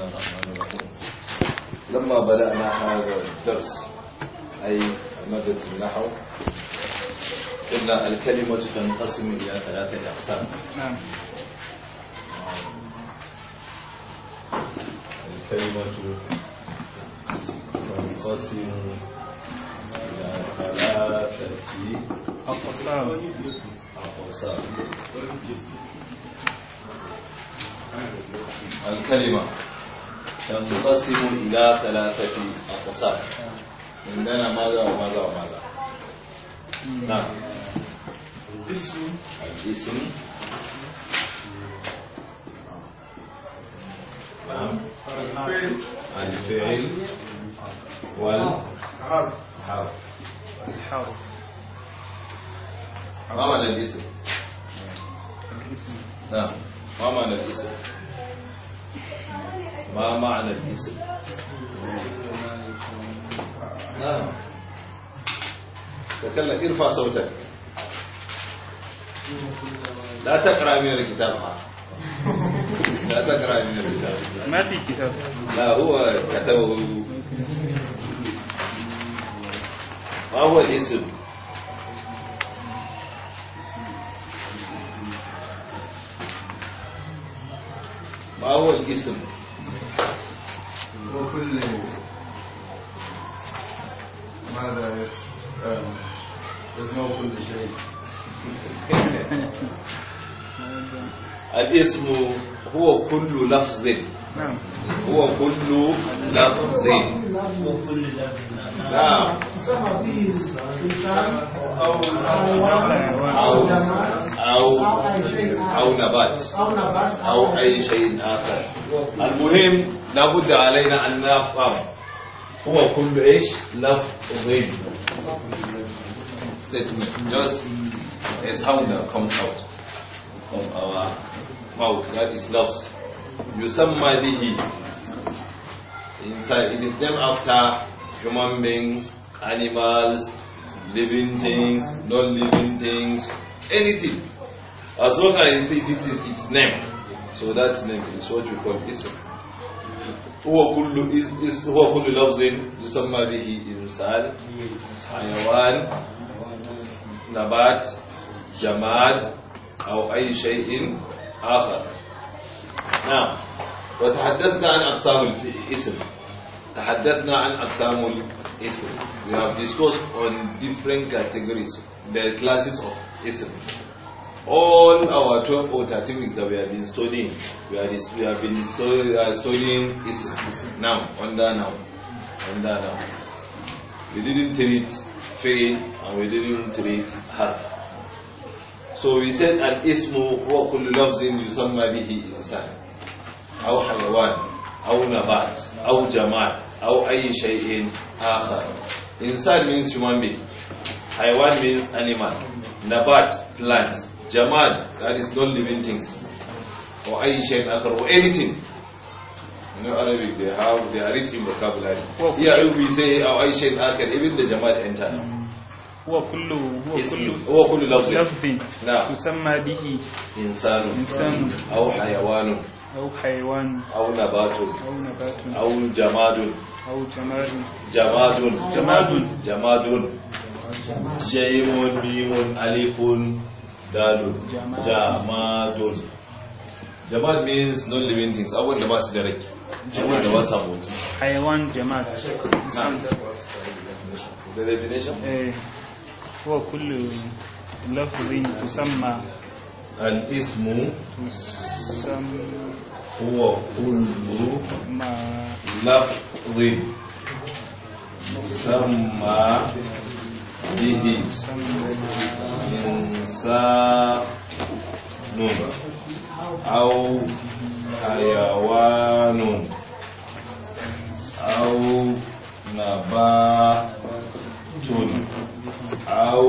الله الرحمن الرحيم لما بدأنا هذا الدرس أي مادة النحو قلنا الكلمة تنقسم إلى ثلاثة أقسام نعم الكلمة تنقسم إلى ثلاثة أقسام أقسام الكلمة تنقسم إلى ثلاثة أقسام عندنا ماذا وماذا وماذا نعم الاسم الاسم نعم الفعل والحرف حرف الحرف ما معنى الاسم الاسم نعم ما معنى الاسم ما معنى الاسم نعم تكلم ارفع صوتك لا تقرأ من الكتاب لا تقرأ من الكتاب ما في كتاب لا هو كتبه ما هو الاسم ما هو الاسم وكل ماذا اسم كل شيء الاسم هو كل لفظ نعم. هو كل لفظ هو كل لفظ نعم سمى به بستان أو أو أو أو نبات أو نبات أو أي شيء آخر المهم لابد علينا أن نفهم هو كل إيش لفظ statement just a sound that comes out of our mouth that is lafz يسمى به inside it is named after human beings, animals, living things, non-living things, anything. As long as you say this is its name, so that name is what you call ism. Who كل loves him? Somebody he يسمى sad. إنسان حيوان نبات جماد أو أي شيء آخر نعم وتحدثنا عن أقسام الاسم تحدثنا عن أقسام الاسم we have discussed on different categories the classes of isms all our 12 or 13 weeks that we have been studying we, we have been study, uh, studying isms now under now under now we didn't treat fail and we didn't treat half. so we said al-ismu wa kullu lafzin yusamma bihi insan aw hayawan أو نبات أو jamal أو أي شيء آخر إنسان means human being حيوان means animal نبات plant jamal that is non living things أو أي شيء آخر أو anything you know Arabic they have they are rich in vocabulary here if we say أو أي شيء آخر even the jamal enter هو كل هو كل هو كل لفظ نعم تسمى به إنسان إنسان أو حيوان أو حيوان أو نبات أو نبات أو جماد أو جماد جماد جماد جماد جيم ميم ألف دال جماد جماد means non living things أول da ba أول da rai حيوان جماد نعم the definition هو كل لفظ تسمى الاسم هو كل لفظ مسمى به إنسان أو حيوان أو نبات أو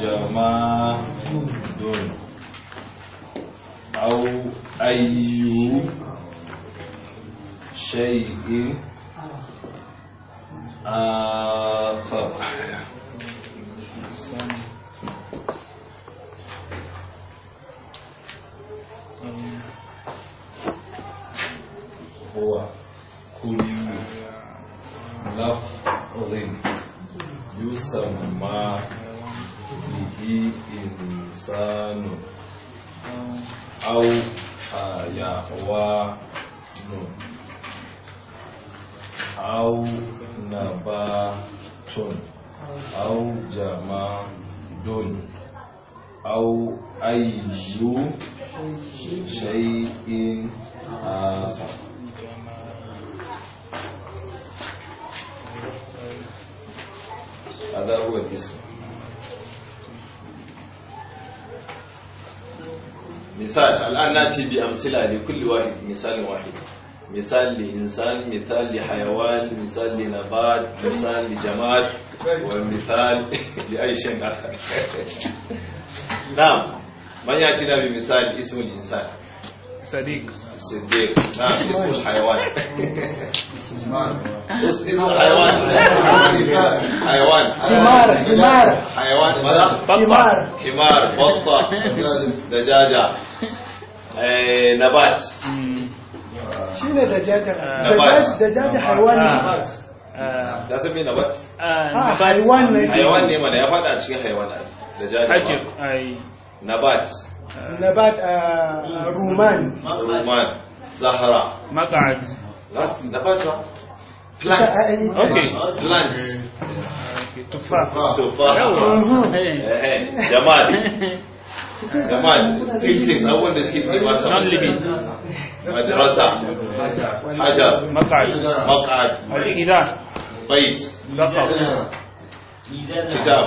جماد أو أي شيء آخر هو كل لفظ يسمى به إنسان أو نو أو نبات أو جماد أو أي شيء آخر هذا هو الاسم misal al'an na ce bi amsila li kulli wahid misalin wahid misal li insan misal li hayawan misal li nabat misal li jama'at wa misal li aishin akhar na'am man ya ci da bi misal ismul insan صديق صديق نعم اسم الحيوان اسم الحيوان حيوان حمار حمار حيوان حمار حمار بطة إيه، دجاجة نبات شنو دجاجة دجاج دجاجة حيوان da sun آه، آه، نبات حيوان حيوان نيمان يا mana ya حيوان دجاجة نبات نبات آه، رومان رومان زهرة مقعد رسم نبات بلانت آه. آه، اوكي بلانت تفاح تفاح جمال جمال اول ناس كيف مدرسة حجر مقعد مقعد إذا قصص كتاب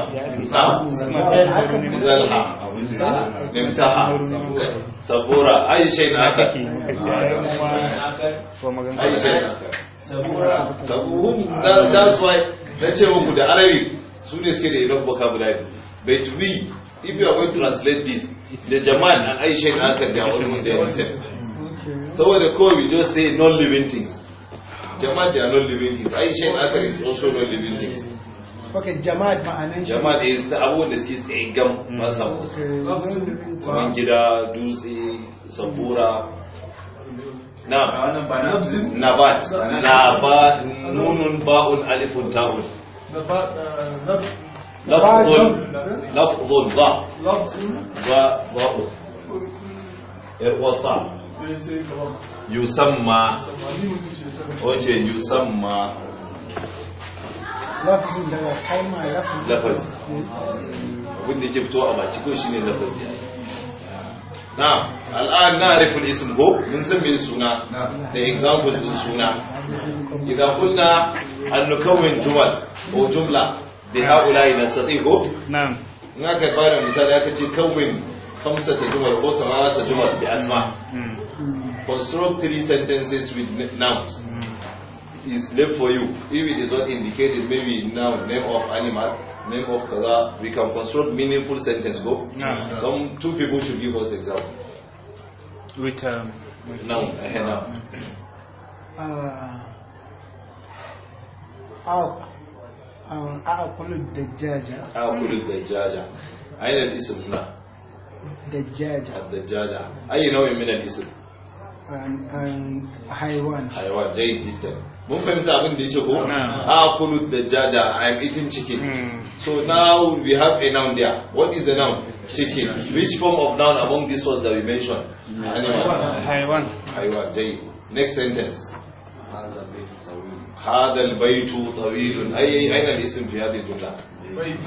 مزلحة ممسحة سبورة أي شيء آخر أي شيء سبورة that's why nace muku da arabic su ne suke da irin vocabulary but we if you are going to translate this the German and aisha and akar they are all in so sense saboda kawai we just say non living things German they are non living things aisha and akar is also non living things ok jama'a ma'anan shi jama'a da yanzu abubuwan da suke tsaye gam masu abubuwan gida dutse sabura na na ba nunun ba'un alifun ta'un lafzun na ba uh, ba ba er, eh, ba yusamma wace yusamma lafazin daga kalma lafazi lafazi abin da ke fito a baki ko shine lafazi na'am al'an na'rifu al-ism ko mun san me suna da examples din suna idan kunna an nukawwin jumal ko jumla bi haula'i nastati ko na'am in aka fara misali aka ce kawwin khamsata jumal ko samasa jumal bi asma hmm. construct three sentences with nouns hmm. is left for you. If it is not indicated, maybe now name of animal, name of color, we can construct meaningful sentence. Go. Some two people should give us example. Return. um. With now, eh, now. Uh, I'll, i call it the judge. I'll call it the judge. I didn't listen now. The judge. Uh, the judge. How you know you mean listen? And and high one. High one. J mun fahimta abin da yace ko akulu jaja. i am eating chicken hmm. so now we have a noun there what is the noun chicken which form of noun among these ones that we mentioned hmm. animal haywan haywan jay next sentence هذا البيت طويل اي اين الاسم في هذه الجمله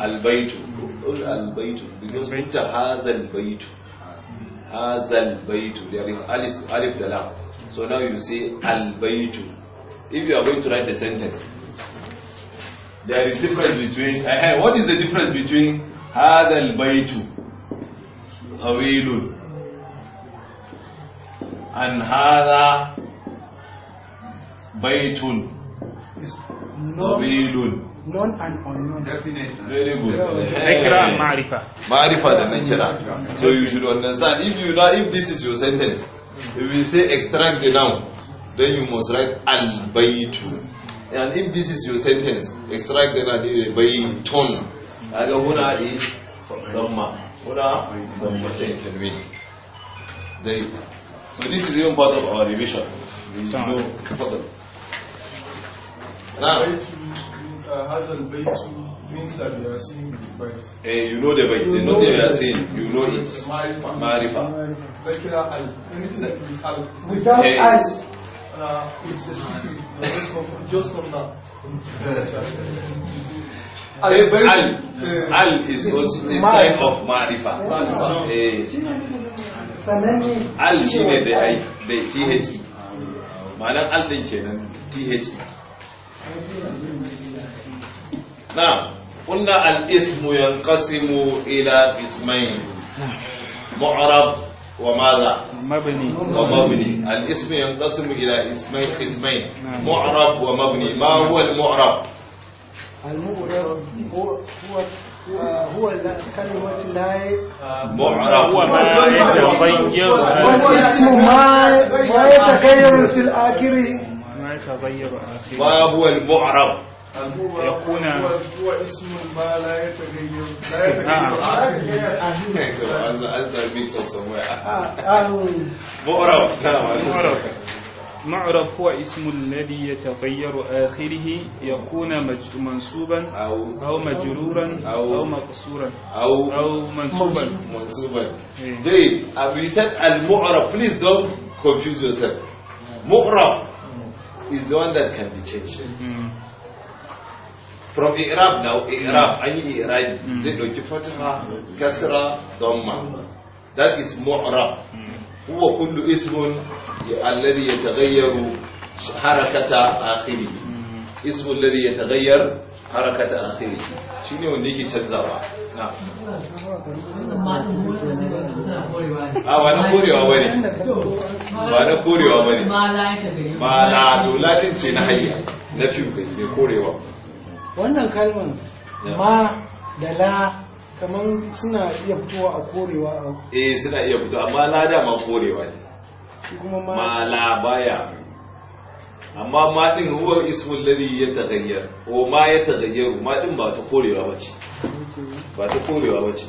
البيت البيت البيت هذا البيت هذا البيت يعني الف الف دلال so now you say البيت if you are going to write a sentence, there is difference between, uh, what is the difference between هذا البيت طويل and هذا بيت طويل known and unknown. Very good. Nakira eh, Marifa. Marifa the Nakira. So you should understand. If you know, if this is your sentence, if you say extract the noun, then you must write al-baytu and if this is your sentence extract that adil baytun aga huna is dhamma huna dhammatain tanwin they so this is even part of our revision You know further now uh, has al-baytu means that you are seeing the bite. Eh, you know the bite. You know they are seeing. You know it. Marifa. Marifa. Marifa. Marifa. Marifa. Marifa. Marifa. Uh, na Al, al is, of eh. Al shi da THE. Na, kunna al-ismu yanqasimu ila ismain. Mu'arab وماذا مبني ومبني الاسم ينقسم إلى اسمين قسمين نعم. معرب ومبني ما هو المعرب المعرب هو هو كلمة لا معرب وما يتغير هو اسم ما ما يتغير في الآخر ما يتغير ما هو المعرب يكون هو اسم ما لا يتغير معرف هو اسم الذي يتغير آخره يكون منصوبا أو مجرورا أو مقصورا أو أو منصوبا منصوبا إيه. جيد أبو يسد المعرف please don't confuse yourself آه. معرف is the one that can be changed from irab now mm. irab an yi irabi mm. zai ɗauki fataha kasra dhamma that is mu'rab mm. huwa kullu ismun alladhi yataghayyaru harakata akhirih ismun alladhi yataghayyar harakata akhirih shine wanda yake canzawa na a ah, ba na korewa ba ne. ba na korewa ba ne. ba la to latin ce na hayya na fiye da korewa wannan kalmar ma da la kamar suna iya fitowa a korewa eh suna iya fito amma la dama korewa ne ma la baya amma ma din huwa ismul ladhi yataghayyar o ma yataghayyaru ma din ba ta korewa bace ba ta korewa bace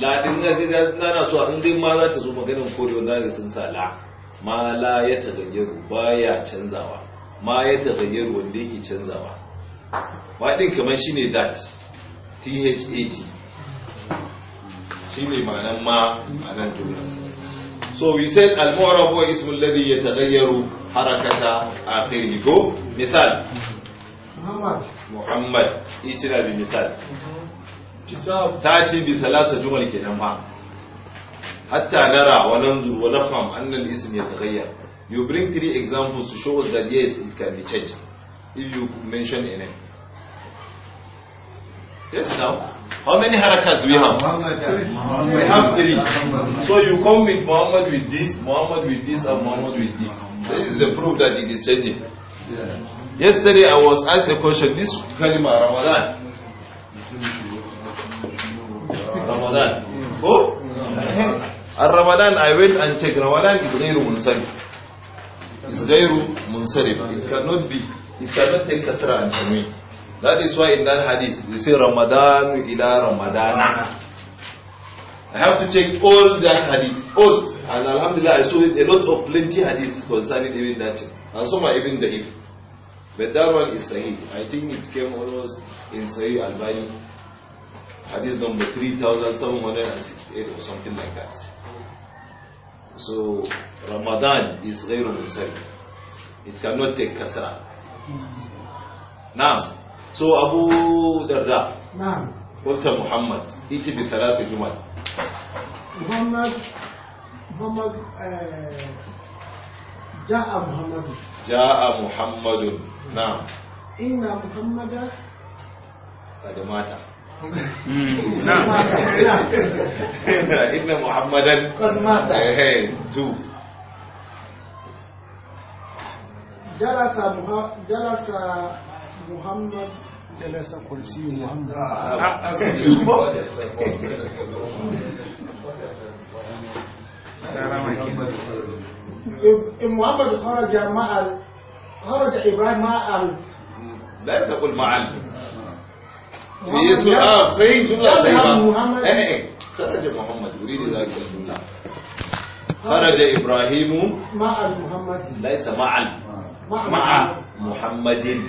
la din ga na so in din ma za ta zo maganin korewa da ga sun sa la ma la yataghayyaru baya canzawa ma yataghayyaru wanda yake canzawa ma kamar shi ne that that ne ma'anan ma a nan juna. so we said al muarabu wa ismu ya tagayyaru harakata a ne, ko misal muhammad muhammad itina bi misal ta ce bi thalatha jumal nan ma hatta nara wa nan zuru wa an nan isin ya yataghayyar you bring three examples to show us that yes it can be changed if you mention a name Yes, now. How many harakas do we have? We have three. So you come with Muhammad with this, Muhammad with this, and Muhammad with this. This is the proof that it is changing. Yesterday I was asked a question, this kalima Ramadan. Ramadan. Oh? Ramadan, I went and checked. Ramadan is غير منصرف. It's غير منصرف. It cannot be. It cannot take kasra and me. That is why in that hadith, they say Ramadan ila Ramadan. Ah. I have to check all that hadith, all. And Alhamdulillah, I saw a lot of plenty hadiths concerning even that. And some are even if. But that one is Sahih. I think it came almost in Sahih al-Bani. Hadith number 3768 or something like that. So, Ramadan is غير مسلم. It cannot take kasra. Now, so abu درداء نعم قلت محمد ائت بثلاث جمل محمد محمد جاء محمد جاء محمد نعم إن محمد قد مات نعم إن محمدا قد مات تو جلس جلس محمد جلس كرسي محمد محمد خرج مع خرج إبراهيم مع لا تقول مع في اسم الآب آه، سيد جملة سيئة إيه، إيه. خرج محمد يريد ذلك الجملة خرج إبراهيم مع محمد ليس مع مع محمد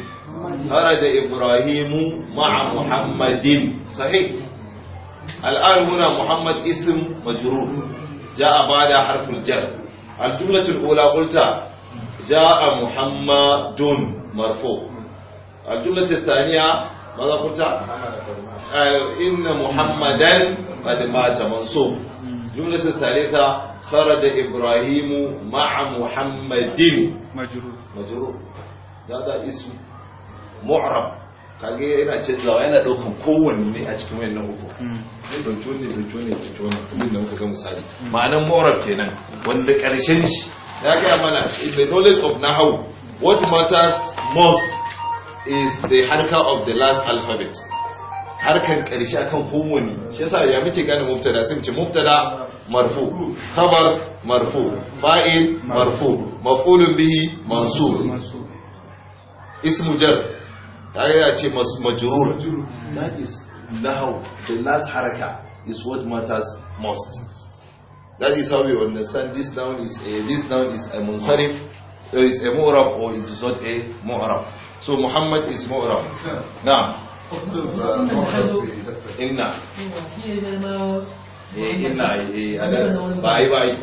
خرج إبراهيم مع محمد صحيح الآن هنا محمد اسم مجرور جاء بعد حرف الجر الجملة الأولى قلت جاء محمد مرفوع الجملة الثانية ماذا قلت آه، إن محمدا قد مات منصوب الجملة الثالثة خرج إبراهيم مع محمد مجرور مجرور هذا اسم mu'rab kage yana canzawa yana daukan kowanne a cikin wayannan uku zai hmm. dauki wanne dauki wanne dauki wanne abin da muka ga misali ma'anan mu'rab kenan wanda karshen shi ya ga mana in the knowledge of nahwu what matters most is the harka of the last alphabet harkan karshe akan kowanne shi yasa ya muke gane mubtada sai mu mubtada marfu khabar marfu fa'il marfu maf'ulun bihi mansub ismu jar kaga ya ce majurur. that is now the last haraka is what matters most that is how we understand this noun is a this noun is a munsarif uh, is a mu'rab or it is not a mu'rab so muhammad is mu'rab na'am inna inna Bye eh, bye. Eh,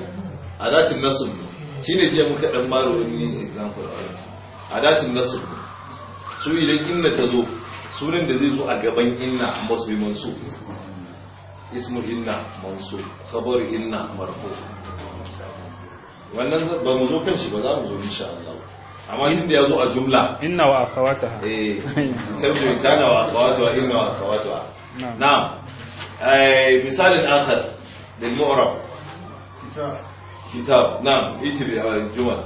adatin nasb shine je muka dan baro ni example adatin nasb su idan inna ta zo sunan da zai zo a gaban inna must be mansub ismu inna mansub khabar inna marfu wannan ba mu zo kan shi ba za mu zo insha Allah amma idan da yazo a jumla inna wa akhawataha eh sai mu kana wa akhawataha inna wa akhawataha na'am eh misali akhar lil mu'rab kitab kitab na'am itri al jumal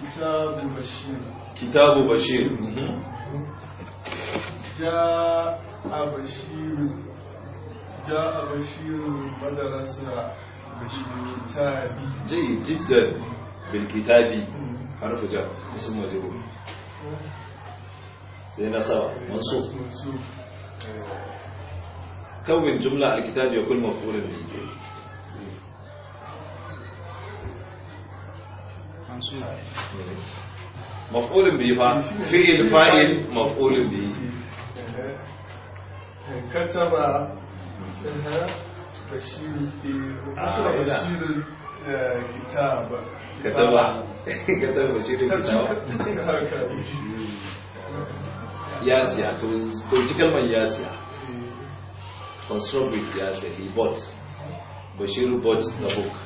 kitab al كتاب بشير جاء بشير جاء بشير مدرسة بالكتاب جيد جدا بالكتاب حرف جاء اسم مجرور سينا سوا منصوب كون جملة الكتاب يكون مفعول به منصوب maf'ulun bihi fa fi'il fa'il maf'ulun bihi kataba bashirun bashirun kitaba kataba kataba bashirun kitaba yasiya to to ji construct with yasiya he bought bashir bought the book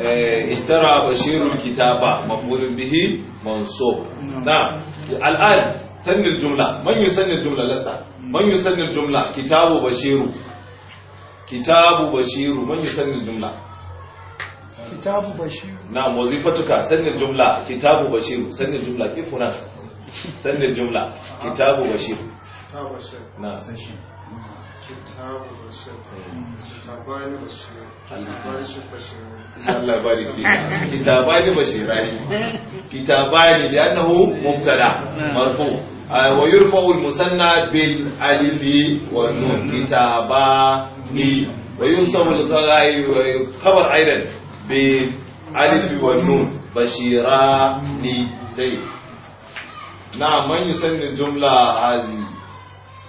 Eh, ishtara bashirul kitaba maf'ulun bihi mansub na'am al'an tanil jumla man yusanni jumla lasta man yusanni jumla kitabu bashiru kitabu bashiru man yusanni jumla kitabu bashiru na'am wazifatuka jumla kitabu bashiru sanni jumla kifuna sanni jumla kitabu bashiru kitabani bashirani kitabani bashirani kitabani li'annahu mubtada marfu wa yurfa'u al-musanna bil alif wa nun kitabani wa yunsabu al-khabar aidan bil alif wa nun bashirani tayyib na man yusanni jumla hadhihi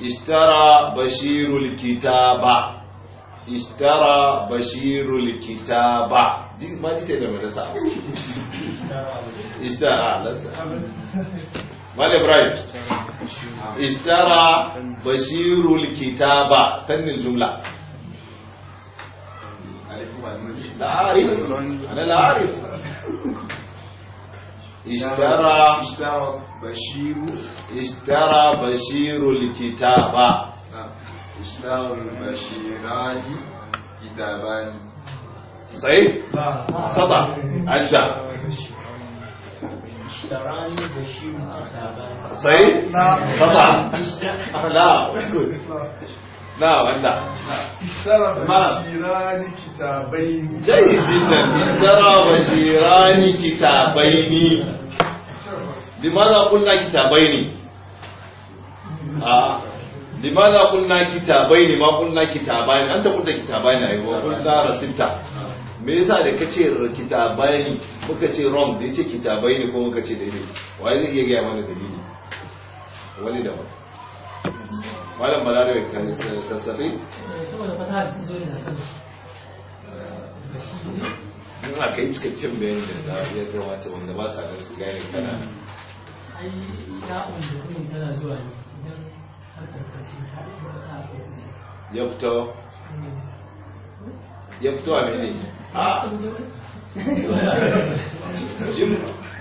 اشترى بشير الكتاب اشترى بشير الكتاب دي ما دي تبقى مدرسة اشترى مال إبراهيم اشترى بشير الكتاب فن الجملة لا عارف أنا لا عارف اشترى اشترى بشير اشترى بشير الكتاب نعم. اشترى البشيران كتابان صحيح؟ خطأ أجزاء اشتراني بشير كتابان صحيح؟ خطأ لا اسكت na wanda ishtara bashirani kitabaini jayi jinnan ishtara bashirani kitabaini limaza kulna kitabaini a ah, limaza kitabai kitabaini ma kulna kitabaini an ta kunta kitabaini ai wa kulna rasibta me yasa da kace kitabaini muka ce rom da yace kitabaini ko muka ce Wa wai zai iya ga mana dalili wani da wani malam balarabe kan kasafi eh, saboda fata da zo ne kan eh, cikakken bayan da ya kamata wanda ba sa su gane kana ai ya umarni tana zuwa ne idan ya fito a ah!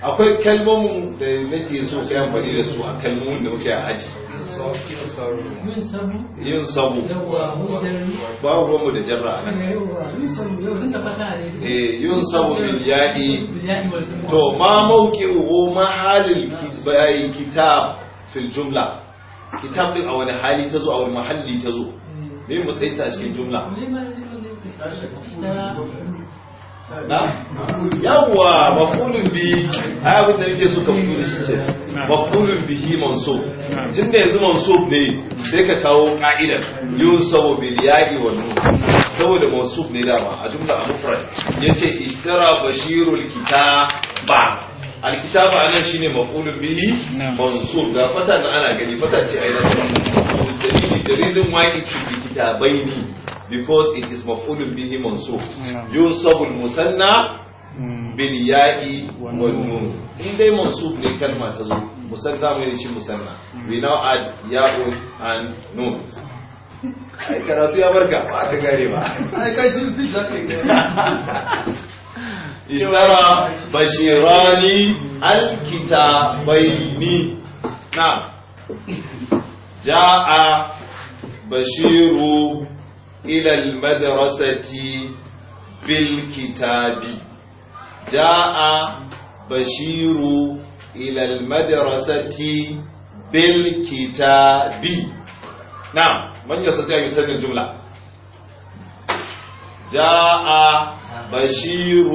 akwai kalmomin da nake so sai amfani da su a kalmomin da muke a aji yin sabu babu ruwanmu da jarra a nan yin sabu bil yaɗi to ma mauki uhu mahalin bayan kitab fil jumla kitab din a wani hali ta zo a wani mahalli ta zo ne mu tsaita cikin jumla yawwa mafulun bi ai abin da yake so ka fito da shi ce mafulun bihi manso tun da yanzu manso ne sai ka kawo ka'idar Yau sabo bil ya'i wa nun saboda manso ne dama a jumla a mufrad yace ishtara bashirul kitaba alkitaba anan shine mafulun bihi manso ga fata na ana gani fata ce ai na dalili the reason why it should be kitabaini because it is maf'ulun bihi mansub yun sabul musanna hmm. bil ya'i wal nun in dai mansub ne kalma ta zo musanna mai shi musanna hmm. we now add ya'u and nun ai karatu ya barka ba ta gare ba ai kai sun fi zakai Isara bashirani alkitabaini na ja'a bashiru إلى المدرسة بالكتاب جاء بشير إلى المدرسة بالكتاب نعم من يستطيع يسد الجملة جاء بشير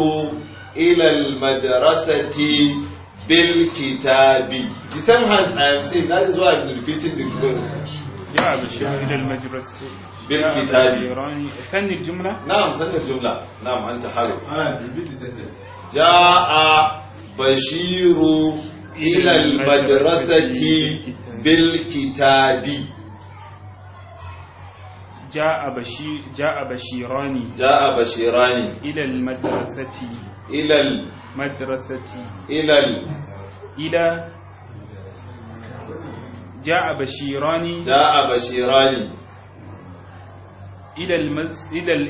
إلى المدرسة بالكتاب The same hands I am saying, that is why I'm repeating the word. Yeah, Bashir إلى المدرسة bin kitabi sanni jumla na'am sanni jumla na'am anta haru ah bibiti sanni ja'a bashiru ila almadrasati bil kitabi ja'a bashi ja'a bashirani ja'a ila almadrasati ila almadrasati ila ila ja'a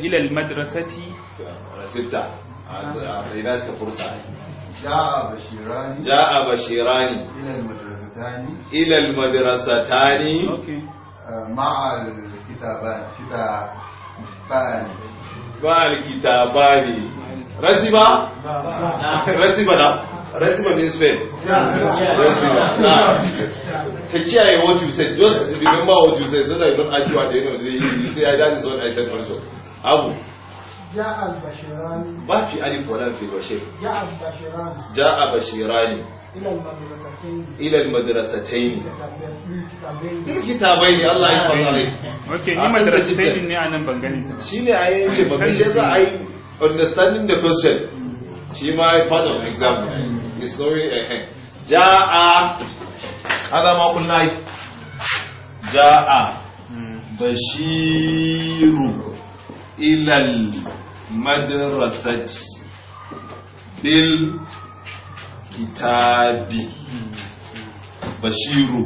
إلى المدرسة ستة أعطيناك فرصة جاء بشيران جاء بشيران إلى المدرستان إلى المدرستان مع الكتابان كتابان مع الكتابان رسبة رسبة Racism means fame. Ka kiyaye what you said. Just remember what you said so that you don't argue at the end of the day. You say, that is what I said also. Abu. جاء البشيراني ni. في ألف ولا في بشير ni. البشيراني جاء بشيراني إلى المدرستين إلى المدرستين كتابين الله يحفظ عليك أوكي إيه مدرستين إني أنا بنغني شيني أي شيء za a yi. understanding the question she might part of exam mislowi ehem eh. ja'a hada ma kunna ja'a bashiru ilal madrasati bil kitabi bashiru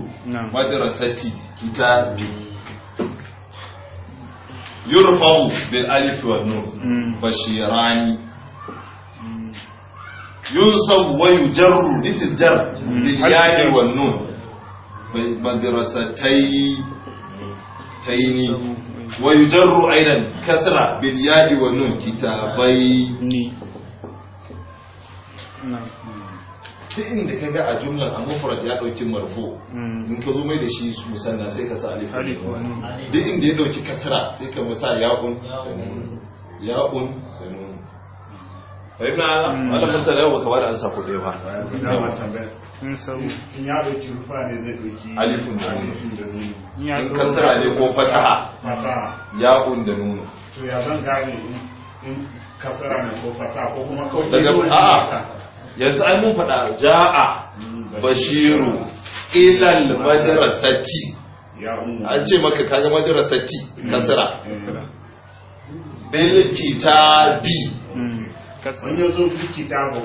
madrasati kitabi yurfa'u bil alif wa nur hmm. bashirani yunsab wa yujarru this is jar bil ya'i wan nun madrasatai taini wa yujarru aidan kasra bil ya'i wan nun kitabai ni duk inda ka ga a jumlar a mufrad ya dauki marfo in ka zo mai da shi musanna sai ka sa alif duk inda ya dauki kasra sai ka musa ya'un ya'un fahimna ala hmm. yau baka bada ansa ba in ya ɗauki rufa in kasara ne ko ya da yanzu an mun fada ja'a hmm, bashiru ilal madrasati an ce maka kaga madrasati hmm. kasara bil kitabi in ya zo bil kitaba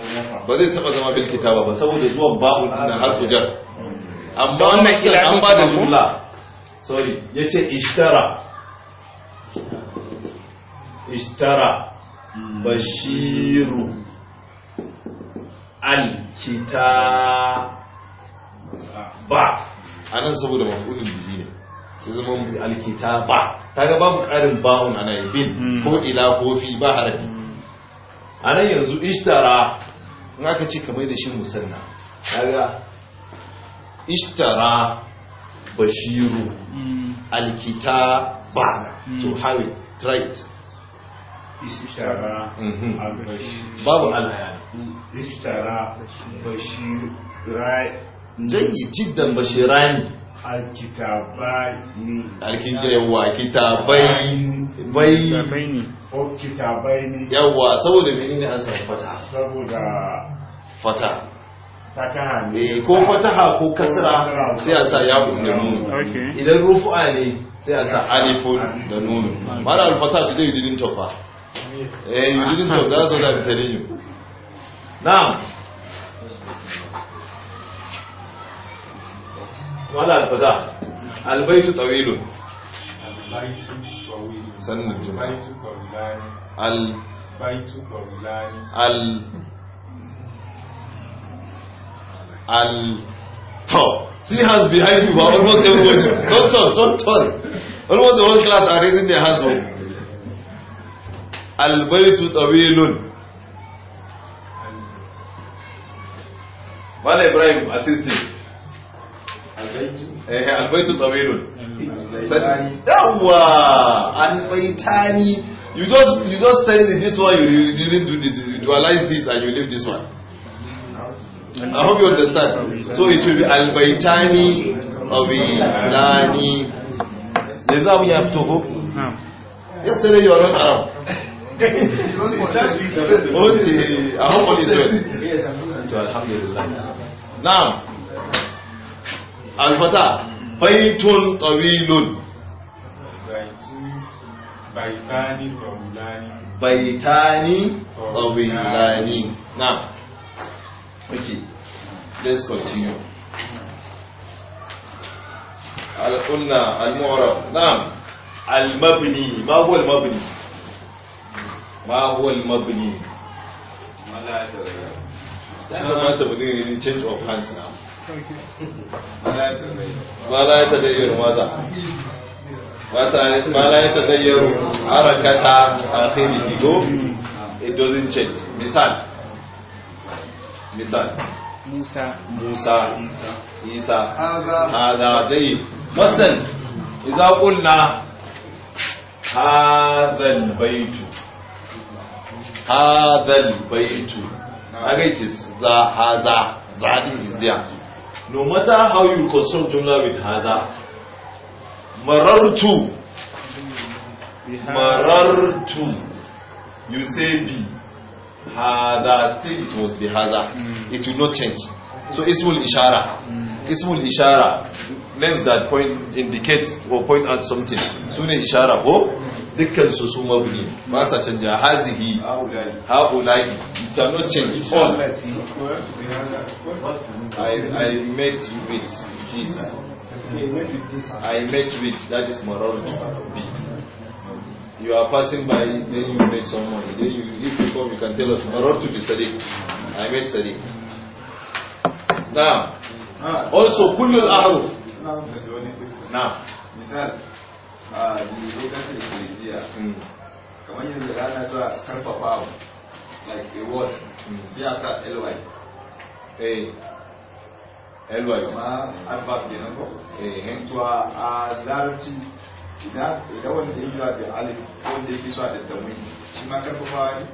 ba zai taba zama bil kitaba ba saboda zuwan ba'un na harfu jar amma wannan an ba da jumla sorry ce ishtara ishtara bashiru alkitaba anan saboda mafulin bihi ne sai zama alkitaba ga babu karin ba'un ana yi bin hmm. ko ila ko fi ba harafi a nan yanzu ishtara in aka ce kamar da shi musanna daga ishtara bashiru hmm. alkita ba hmm. to how it try it ishtara mm-hmm. babu alhaya hmm. ishtara bashirai jayi jiddan bashirani alkitabai alkitabai bai kitabai ne yawwa saboda menene an samu fata saboda fata eh, ko fataha ko kasra sai a sa yawo da nunu idan rufu'a ne sai a sa alifun da nunu mara alfata today you didn't talk ba eh you didn't za su what I'm telling you now mara alfata albaitu tawilun sannu juma al al al top see hands behind you but almost everybody don't turn don't turn almost the whole class are raising their hands up al baitu tawilun Mala Ibrahim assisting. Albaitu? Eh, albaitu tawilun. Yawwa! And waitani. You just you just said this one, you, you didn't do this, you dualize this and you leave this one. I hope you understand. So it will be albaitani abilani. Da za mu ya fito ko? Yesterday you are not Arab. okay, I hope all is well. Yes, Alhamdulillah. Now, Al-Fatah. baitun tawilun baitani tawilani baitani tawilani now okay let's continue قلنا المعرف نعم المبني ما هو المبني ما هو المبني ما لا تغير لا ما تبني change of hands now ma la ya tadayyaru maza ma la ya tadayyaru harakata akhirihi ido. it doesn't change misal misal Musa Musa Isa هذا جيد مثلا إذا قلنا هذا البيت هذا البيت أغيت هذا هذا is there no matter how you construct jumla with haza marartu marartu you say b, haza still it was be haza mm. it will not change so ismul ishara mm. ismul ishara names that point indicate or point out something sune ishara ko oh. mm. dukkan su su mabni ba sa canja hazihi haulai you cannot change all I, I met with this I met with that is morality you are passing by then you met someone then you if you come you can tell us morality to Sadiq I met Sadiq now ah. also al a'ruf now a duk kasar kiristiya kamar yanzu da ana sa karfafa like a word mm. sai a sa ly eh ly kuma adverb ne nan ko eh to a larabci idan wanda ya yi da alif ko wanda ya fi da tamu shi ma karfafa ne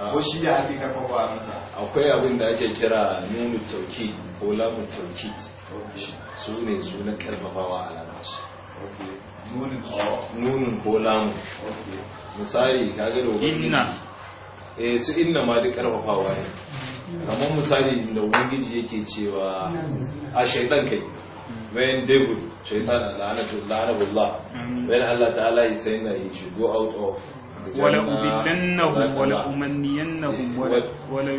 ah. ko shi da ake karfafa masa akwai abin da ake kira nunu tauki ko lamun tauki su ne su na karfafawa a larabci nunin ko lamun misali kaga da inna eh su inna ma duk karfafawa ne amma misali da ubangiji yake cewa a shaitan kai when devil shaitan la'anatullah la'anatullah when Allah ta'ala yi saying that he should go out of ولا أذلنهم ولا أمنينهم ولا ولا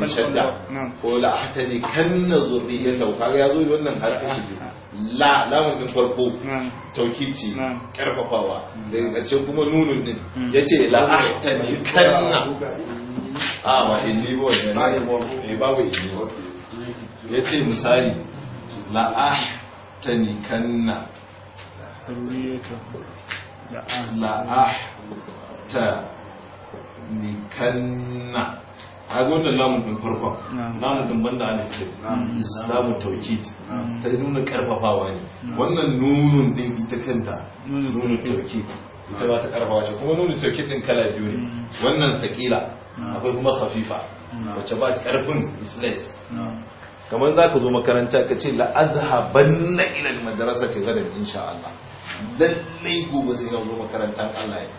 بشدة ولا ذريته كاga yazo wannan harka shi la lamun din farko taukici karfafawa daga karshe kuma nunun din hmm. yace la ahtanikanna ah, a ma inni bo ne eh, ba wai yace misali la ahtanikanna la'ahta nikanna a gwanda lamun ɗin farko lamun ɗin banda a nufin lamun taukid ta nuna karfafawa ne wannan nunun ɗin ita kanta nunun taukid ita ba ta karfafa ce kuma nunun taukid ɗin kala biyu ne mm. wannan taƙila akwai kuma hafifa wacce ba ta karfin islas kamar za ka zo makaranta ka ce la'azhaban na ilal madarasa ta gadan insha Allah lallai gobe sai na zo makarantar Allah ya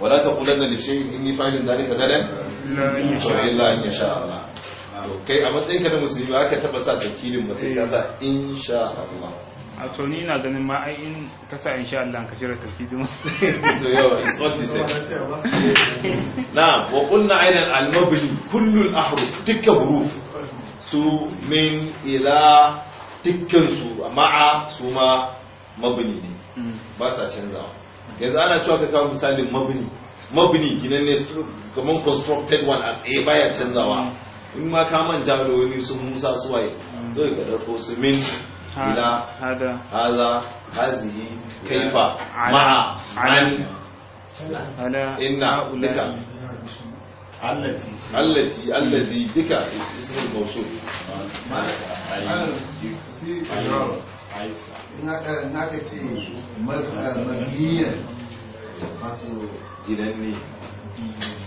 wala ta kulan da lishe in yi fa'ilin dalika zanen illa in sha Allah kai a matsayin ka na musulmi ba ka taba sa takilin ba sai ka sa in sha Allah a to ni na ganin ma ai in ka sa in sha Allah ka shirya takilin masu yawa in all the same Na wa qulna ayna al-mabni kullum al-ahruf dukka huruf su min ila dukkan su ma'a su ma mabini. ne ba sa canzawa yanzu ana cewa ka kawo misalin mabini mabini ginan ne kamar constructed one a tsaye baya canzawa mm. in ma ka manta da wani sun musa suwaye mm. zai ga ɗarko su min ila haza hazihi kaifa ma'a an inna duka allati allati allazi duka ismul mawsul na ka ce magiyan wato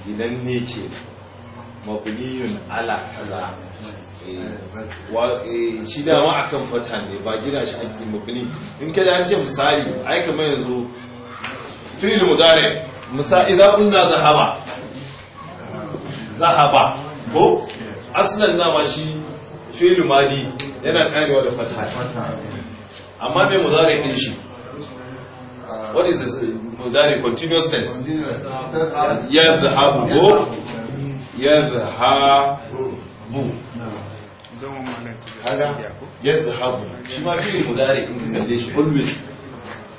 Gidan ne ce Mabiliyun ala kaza eh, eh, shi dama akan fata ne ba gina shi ake mabni in kada an ce misali aika kamar yanzu fil mudari misali za idan kunna zahaba zahaba ko aslan nama shi fili madi yana karewa da fata amma mai mudari din shi what is this mudari? continuous tense yadhhabu go yadhhabu haga yadhhabu shi ma shi muzari in ka kalle shi always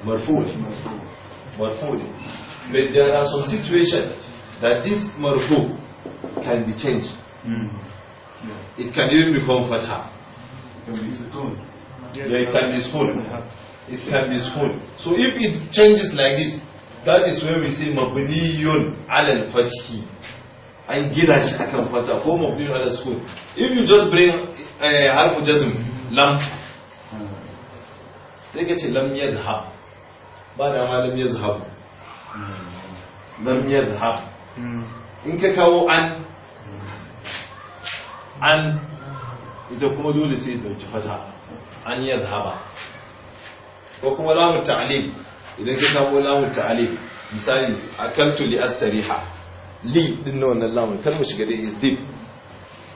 marfu marfu but there are some situations that this marfu can be changed mm. yeah. it can even become fatha it can be sukun yeah, it can be school. It can be school. So if it changes like this, that is where we say mabniyun alal fathi. An gina shi akan fata of mabniyun alal school. If you just bring uh, eh, of jazm lam sai ka ce lam yadhhab ba da ma lam yadhhab lam yadhhab in ka kawo an an ita kuma dole sai dauki fata an zaba ko kuma lamun ta'lil idan ka samu lamun ta'lil misali akaltu li astariha li din nan wannan lamun kalmar shiga dai is deep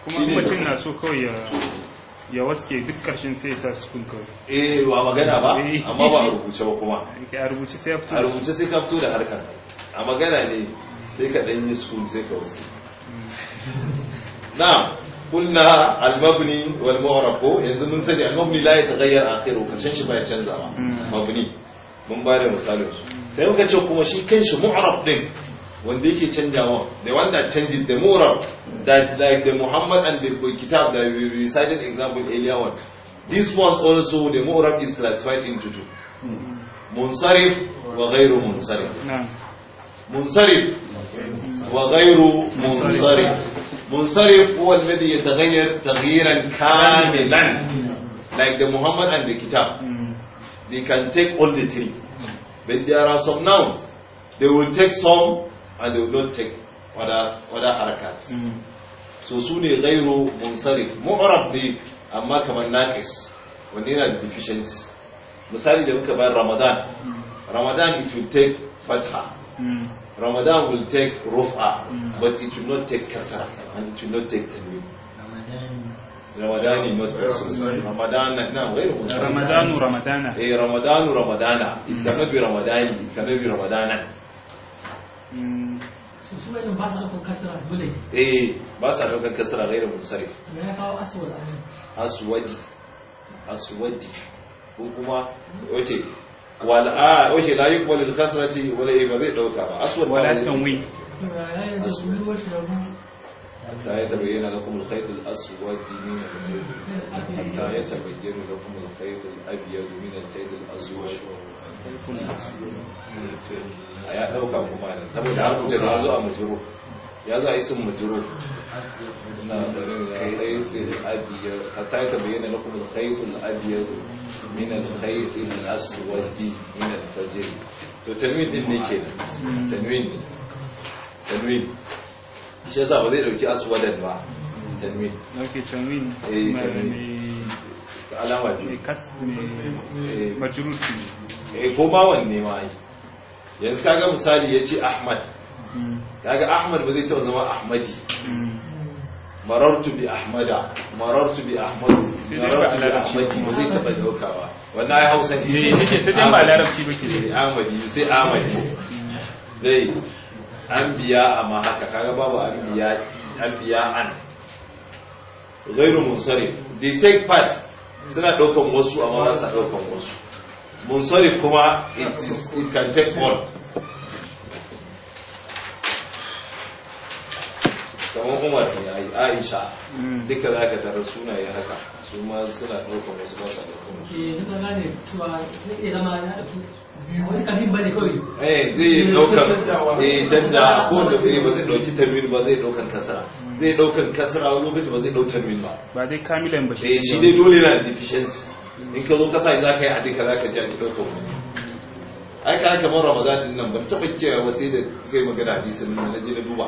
kuma mutum na so kawai ya ya waske duk karshen sai ya sa sukun kawai eh wa magana ba eh. amma ba rubuce ba kuma a rubuce sai fito a rubuce sai ka fito da harkar a magana ne sai ka dan yi sukun sai ka waske hmm. na'am kunna al-mabni wal mu'rab yanzu mun sani al-mabni la yataghayyar akhiru karshen shi bai canzawa mabni mun ba da misalin su sai muka ce kuma shi kanshi mu'rab din wanda yake canjawa the one that changes the mu'rab that like the muhammad and the kitab that we recited example earlier on this was also the mu'rab is classified into two munsarif wa ghairu munsarif munsarif wa ghairu munsarif منصرف هو الذي يتغير تغييرا كاملا like the Muhammad and the Kitab they can take all the three but there are some nouns they will take some and they will not take others other harakats so su ne munsarif mu'rab bi amma kamar naqis wanda yana da deficiency misali da muka bayar ramadan ramadan it will take fatha Ramadan will take rufa, mm. but it will not take kasar and it will not take tanwin. Ramadan is not Ramadan. No, Ramadan Ramadana. Eh, Ramadan Ramadana. It cannot be Ramadan. It cannot be Ramadana. Mm. ba sa kasara dole eh ba sa kasara gairu aswad ko kuma Wala. a wace la a ba zai dauka ba aswad wal ya za a yi isin majiro na khaitul abiyar hatta ta bayyana lakum al-khaytul abiyar min al-khaytil aswad min al-fajr to tanwin din ne ke tanwin tanwin shi yasa ba zai ɗauki aswadan ba tanwin dauke tanwin eh alama biyu eh. majrur eh ko ba wanne ma yanzu kaga misali ya yace ahmad kaga ahmad ba zai taɓa zama ahmadi marartu bi ahmada marartu bi ahmadu marartu bi ahmadi ba zai taba dauka ba wannan ai hausa ne eh, yake sai dai ba larabci ba ke ahmadi sai ahmadi dai anbiya amma haka kaga babu anbiya anbiya an ghairu munsarif they take part suna daukan wasu amma ba sa daukan wasu munsarif kuma it is it can take all kamar umar ne a aisha hmm. duka za ka tara suna ya haka su ma suna ɗaukar wasu ba sa ɗaukar eh, eh zai eh, ɗaukar eh canja ko da ba zai ɗauki tamil ba zai ɗaukar kasara hmm. zai ɗaukar kasara wani lokaci ba zai ɗauki tamil ba ba dai kamilan ba shi eh, shi dai dole na deficiency in ka zo kasa za ka yi a duka za ka ji a ɗaukar wani ai ka kamar ramadan din nan ban taɓa cewa ba sai da kai magana hadisin nan na je na duba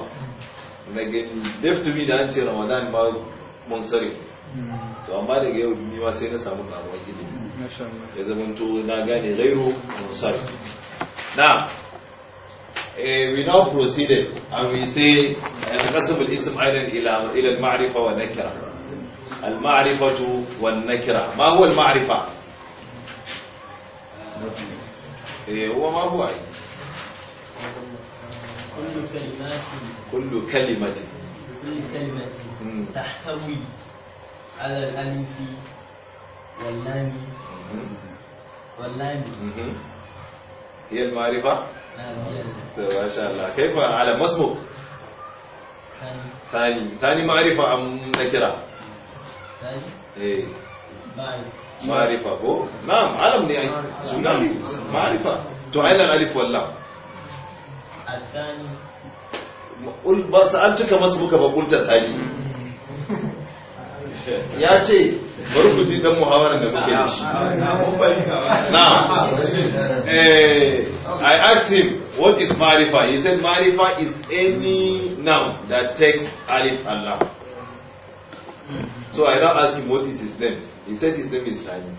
nagin daftomi da an ce ramadan ma mun sare to amma daga yau ni ma sai na samu karuwar ilimi ya zama to na gane gairu mun sare na we now proceeded and we say نسب الاسم ايضا الى الى المعرفه والنكره المعرفه والنكره ما هو المعرفه ايه هو ما هو اي كل كلمات كل كلمة كل كلمة تحتوي على الألف واللام واللام نعم، هي المعرفة؟ ما شاء الله كيف على ما ثاني ثاني معرفة أم نكرة؟ ثاني؟ إيه معرفة معرفة بو نعم علم يعني نعم. معرفة تعين الألف واللام الثاني قل بس أنتك مسبوك بقول تتالي ya ce bari ku ji dan muhawarar da muke da shi na i asked him what is marifa he said marifa is any noun that takes alif and lam so i now ask him what is his name he said his name is Rani.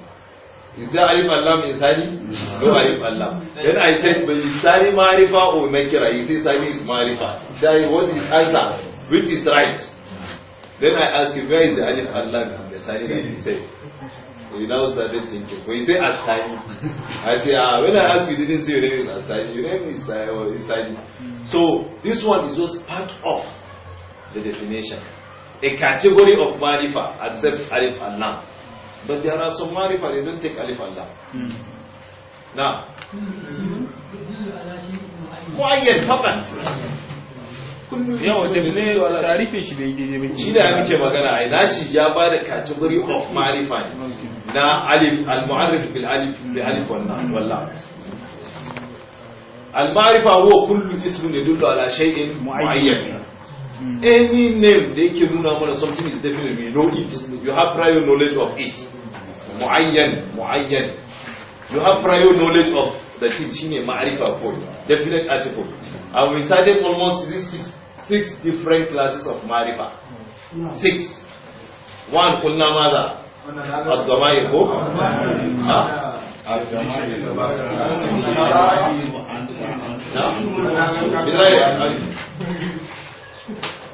Is there Alif Allah in Sani? No Alif Allah. Then I said, but is Sani Marifa or Nakira? He says Sani is Marifa. That is what his answer, which is right. Then I asked him, where is the Alif Allah in the Sani that he said? So he now started thinking. When said, say Asani, I say, ah, when I asked you, didn't say your name is Asani. Your name is uh, oh, Sani. So this one is just part of the definition. A category of Marifa accepts Alif Allah. but there are some marifa they don't take alif Allah hmm. na muayyad fakat yawa dabne wala tarifin shi bai daidai ba shi da muke magana ai shi ya bada category of marifa na alif al mu'arrif bil alif bil alif wannan wallahi المعرفة هو كل اسم يدل على شيء معين any name da yake nuna mana something is definitely you know it you have prior knowledge of it muayyan muayyan you have prior knowledge of the thing shine ma'arifa point definite article and we cited almost six six different classes of ma'arifa six one kunna madha الضمائر هو بالله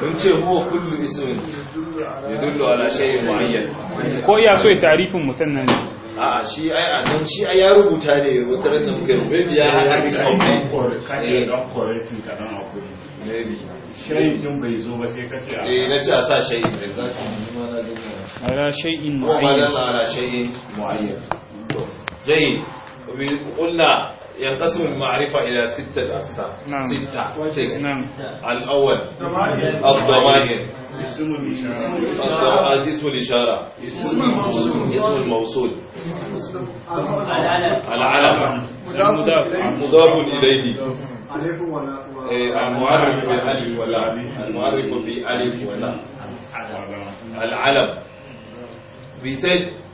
don ce huwa kullu ismin yadullu ala shay'in muayyan ko ya so ya tarifin musanna ne a'a shi ai a nan shi ai ya rubuta ne wata ran da muke rubuta ya eh, haɗa shi online eh. ka iya don correcting ka dan hakuri maybe shay'in bai zo ba sai ka ce eh na ce a sa shay'in bai za ka ma na dinga ala shay'in muayyan ala shay'in muayyan jayyid qulna ينقسم المعرفة إلى ستة أقسام نعم. ستة سيكس نعم. الأول الضمائر اسم الإشارة اسم الإشارة آه، اسم الموصول العلم المضاف مضاف إليه آه، المعرف بألف ولا المعرف بألف ولا العلم we said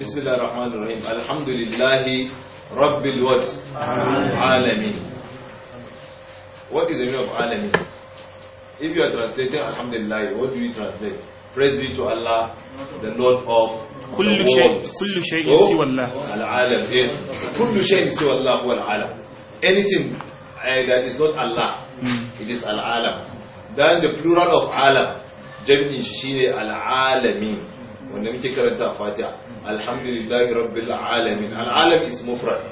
بسم الله الرحمن الرحيم الحمد لله rabbil what alamin what is the meaning of alamin if you are translating alhamdulillah what do you translate praise be to Allah the lord of kullu shay kullu shay is siwallah alalam yes kullu shay is siwallah wal alam anything uh, that is not Allah mm. it is al alam then the plural of alam jami'in shine al alamin wanda muke karanta fatiha alhamdulillahi rabbil alamin al'alam is mufrad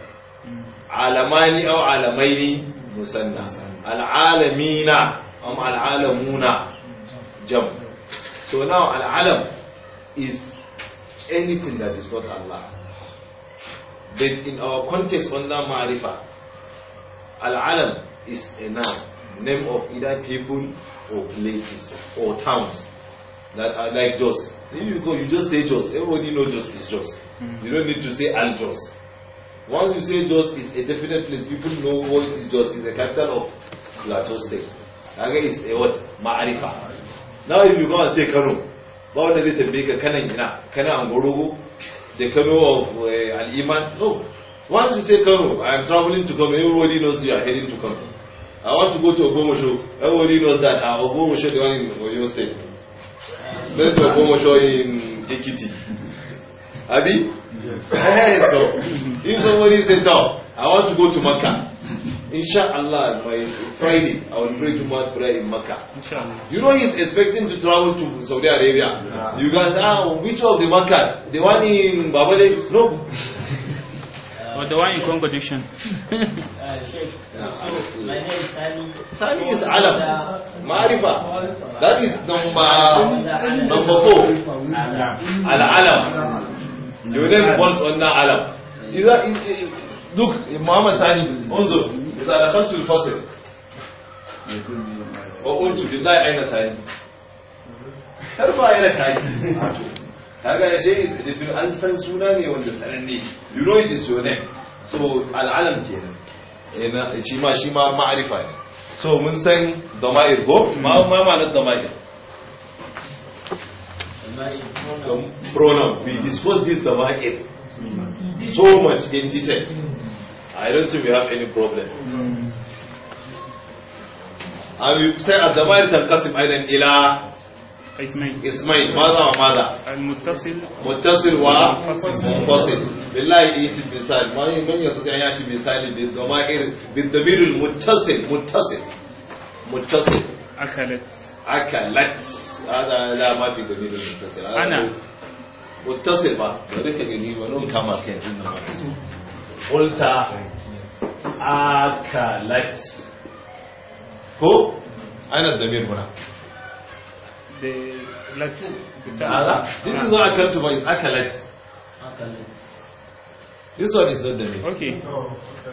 alamani aw alamaini musanna al'alamina am al'alamuna jam so now al'alam is anything that is not Allah but in our context on that ma'rifa al'alam is a noun name of either people or places or towns That are like Jos. If you go, you just say Jos. Everybody knows Jos is Jos. Mm. You don't need to say and Jos. Once you say Jos is a definite place, people know what is Jos is the capital of Plateau State. Again, it's a what? Ma'arifa. Now if you go and say Kano, ba wanda zai tambaye ka kana Kano kana Angorogo, the Kano of uh, Iman. No. Once you say Kano, I am traveling to Kano, everybody knows you are heading to Kano. I want to go to Ogomosho, everybody knows that uh, ah, Ogomosho the one in Oyo State. mẹ́tò ògbómọ̀ṣọ́ in abi Hey, so if somebody say now I want to go to Makkah inshallah by Friday I will pray to Jumu'at prayer in Makkah inshallah you know he's expecting to travel to Saudi Arabia yeah. you guys ah which of the Makkahs the one in Babale no Or the one in contradiction. uh, is Sani. is Alam. Marifa. That is number number four. Al Alam. You then falls under Alam. Is that, is, is, look, Muhammad Sani, also, is to Al Khamsul Fasil. Wa untu billahi aina Sani. Har I'm yana kai. kaga ya da fil an san suna ne wanda sananne you know it is your name so al'alam ina eh, shi ma shi ma ma'arifa ne so mun san dama'ir go ma ma ma'anar dama'ir pronoun we discuss this dama'ir so much in detail I don't think we have any problem hmm. and we say at dama'ir tanqasim aidan ila اسمين اسمين ماذا وماذا المتصل متصل ومنفصل بالله يأتي بمثال من يستطيع أن يأتي بمثال بالضمائر بالضمير المتصل متصل متصل أكلت أكلت هذا لا ما في ضمير متصل أنا متصل ما ذلك جديد ونون كما كان قلت أكلت هو أنا الضمير هنا the let. Ah, this is not akantu, but to voice Akalat. This one is not the name. Okay.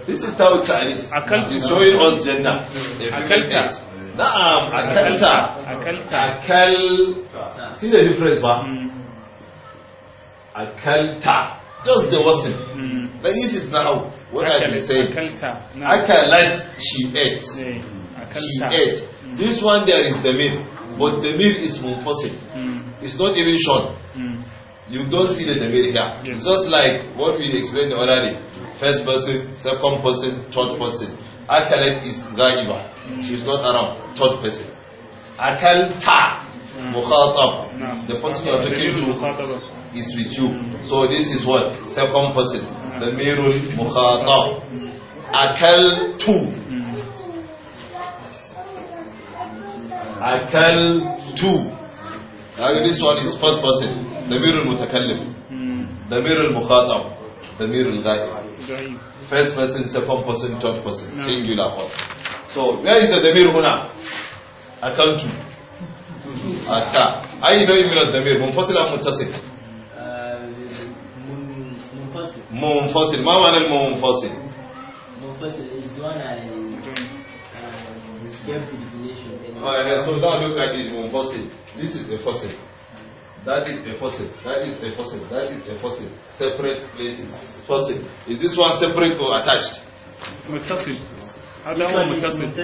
This is Tau Chinese Akalta. It's showing us gender. Akalta. Naam. Akalta. Akalta. Akalta. See the difference, ba? Mm. Akalta. Just the wasn't. Mm. But this is now what Akal, I can say. Akalta. No. Akalat. She ate. Yeah. She ate. Mm. This one there is the mean. But the meal is munfasil. Mm. It's not even shown. Mm. You don't see the mirror here. It's just like what we explained already. First person, second person, third person. Akalat is ghaiba. Mm. She's not around. Third person. ta. Hmm. Mukhatab. No. The person you are talking to is with you. Hmm. So this is what? Second person. Hmm. The mirul mukhatab. Akal two. أكلت هذا this one is first person ضمير المتكلم دمير المخاطب دمير الغائب first person second person third person singular person so where is the دمير هنا أكلت أتا أي نوع من الضمير منفصل أم متصل منفصل ما معنى المنفصل منفصل is the one I uh, uh, escaped Alright, so now look at this one fossil. This is the fossil. That is the fossil. That is the fossil. That is the fossil. Separate places. Fossil. Is this one separate or attached? Mutasil. هذا هو متصل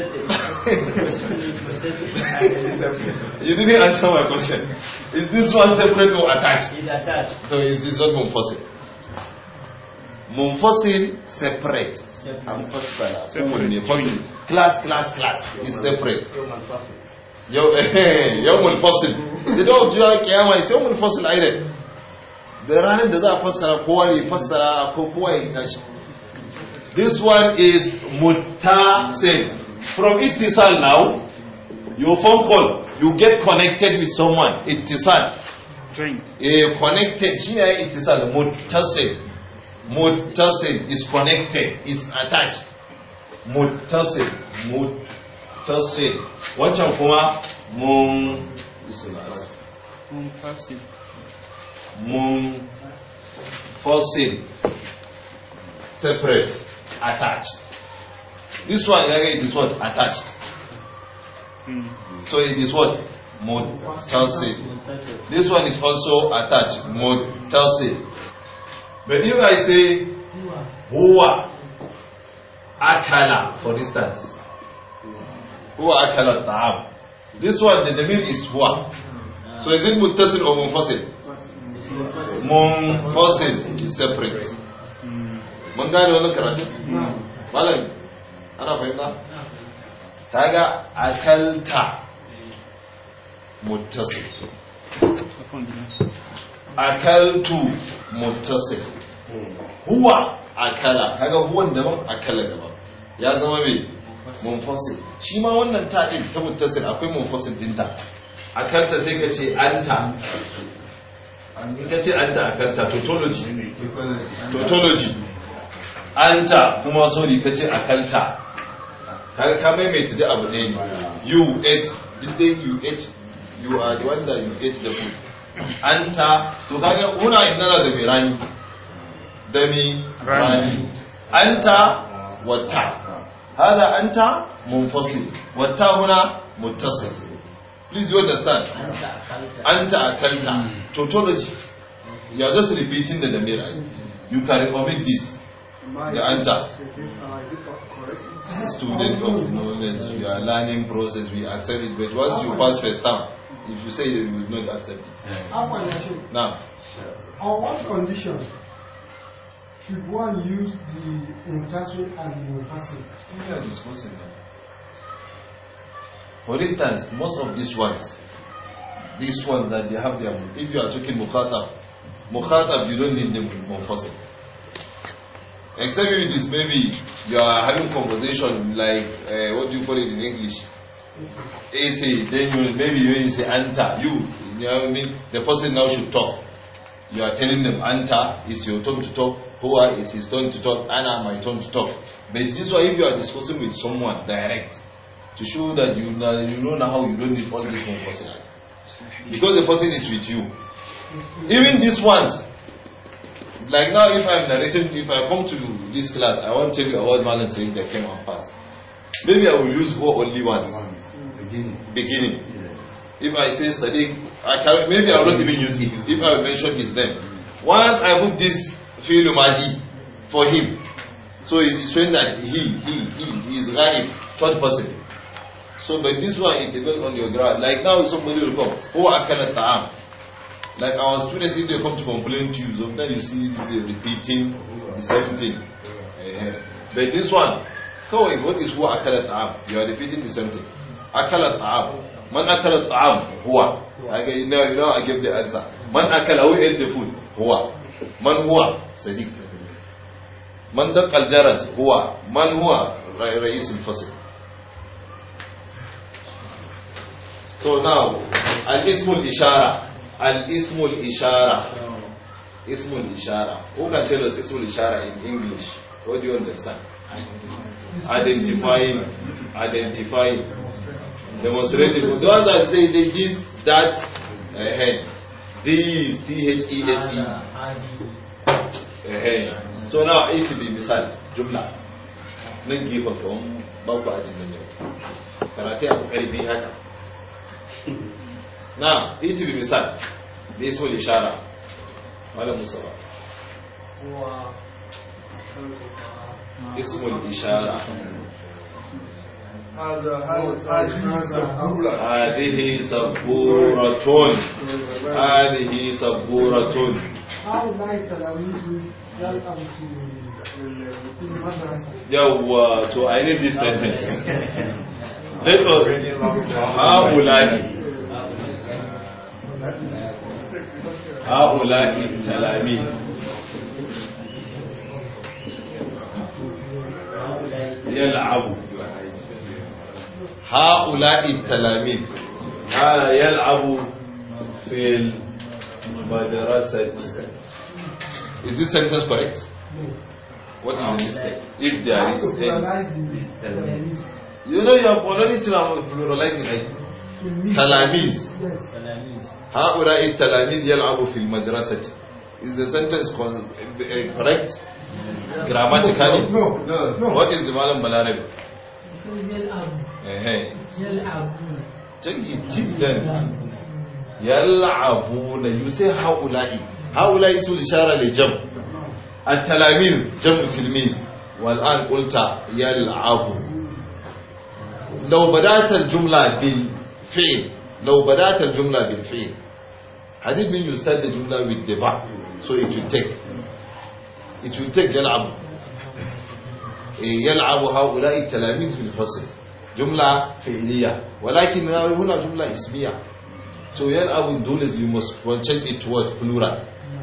you didn't answer my question is this one separate or attached it's attached so is this one منفصل Munfasil, separate. Munfasala. Munfasil. Class, class, class. Is separate. Yo fasil. Sai da wajen kiyama sai yawmul fasil a idan. Da ranar da za the fassara kowa ne fassara ko kowa ya gina shi. This one is mutasil. From ittisal now, your phone call, you get connected with someone. Ittisal. Drink. Eh, connected. Shi ne ittisal. Mutasil. Muttasil is connected, is attached. Muttasil, muttasil. Wancan kuma mun munfasil. Munfasil. Separate, attached. This one, again, is what? Attached. Hmm. So it is what? Muttasil. This one is also attached. Muttasil. But if I say huwa akala, for instance, huwa akala ta'am. This one, the demir is huwa. Hmm. So is it mutasil or munfasil? Munfasil is separate. Hmm. Mun gane wannan karatu? Malam, hmm. ana fahimta? Saga akalta mutasil. Akaltu mutasil. huwa akala kaga huwan daban akala daban ya zama mai munfasil shi ma wannan ta ta muttasil akwai munfasil dinta akalta sai ka ce anta Kace ka ce anta akalta tautology tautology anta kuma sori ka ce akalta kaga ka maimaita da abu ɗaya you ate did they you ate you are the one that you ate the food anta to kaga una inna da mai rani Demi rani anta wata هذا anta منفصل والتا huna متصل please you understand Anta akanta. Hmm. tautology you are just repeating the damira you can omit this the anta student of knowledge you are learning process we accept it but once you pass first time if you say it, you will not accept it now on what condition should one use the mutassil and the mufassal? We are discussing that. For instance, most of these ones, these ones that they have their, if you are talking mukhatab, mukhatab, you don't need the mufassal. Except if it is maybe you are having conversation like, uh, what do you call it in English? A C. Then you, maybe when you say anta, you, you know what I mean? The person now should talk. You are telling them anta, it's your turn to talk who is is his turn to talk, am my turn to talk. But this one, if you are discussing with someone direct, to show that you know, you know now how you don't need all this one person. Because the person is with you. Even these ones, like now if I'm narrating, if I come to this class, I won't tell you about Malan saying that came and passed. Maybe I will use who only once. Beginning. Beginning. If I say Sadiq, I can, maybe I will not even use it if I mention his name. Once I put this fi'lu maji for him so it is showing that he he he is running third person so but this one it depends on your grade. like now somebody will come who cannot ta'am like our students if they come to complain to you sometimes you see it is uh, repeating the same thing uh-huh. but this one kawai what is huwa are ta'am you are repeating the same thing akala ta'am man akala ta'am huwa I, now, know I give the answer man akala who ate the food huwa من هو صديق من دق الجرس هو من هو رئيس الفصل So now الاسم الإشارة الاسم الإشارة اسم الإشارة Who can tell us اسم الإشارة in English? What do you understand? Identifying Identifying Demonstrating The one that say this, that, uh, These, T-H-E-S-E. -E. e. So now it be misal, jumla. Nan gefen kawon babu a jinin yau. Karate a ƙarfi haka. Now, it be misal, da iso lishara, malam musawa. Ismul ishara. Hmm. هذه سبورة هذه سبورة يوا تو I need this sentence This هؤلاء هؤلاء التلاميذ يلعبوا ha'ula'i talamin ها yal'abu في المدرسة. is this sentence correct what is the mistake if there is a you know you have already pluralizing it تلاميذ هؤلاء التلاميذ يلعبوا في المدرسة is the sentence uh, correct grammatically no no no what is the malam um, balarabi إيه. جيد جدا يلعبون يسي هؤلاء هؤلاء سوء إشارة لجمع التلاميذ جمع تلميذ والآن قلت يلعب لو بدأت الجملة بالفعل لو بدأت الجملة بالفعل hadith mean you start the so it will take it will take يلعب إيه، يلعب هؤلاء التلاميذ في الفصل جملة فعلية ولكن هنا جملة اسمية so I will do this you must change it towards plural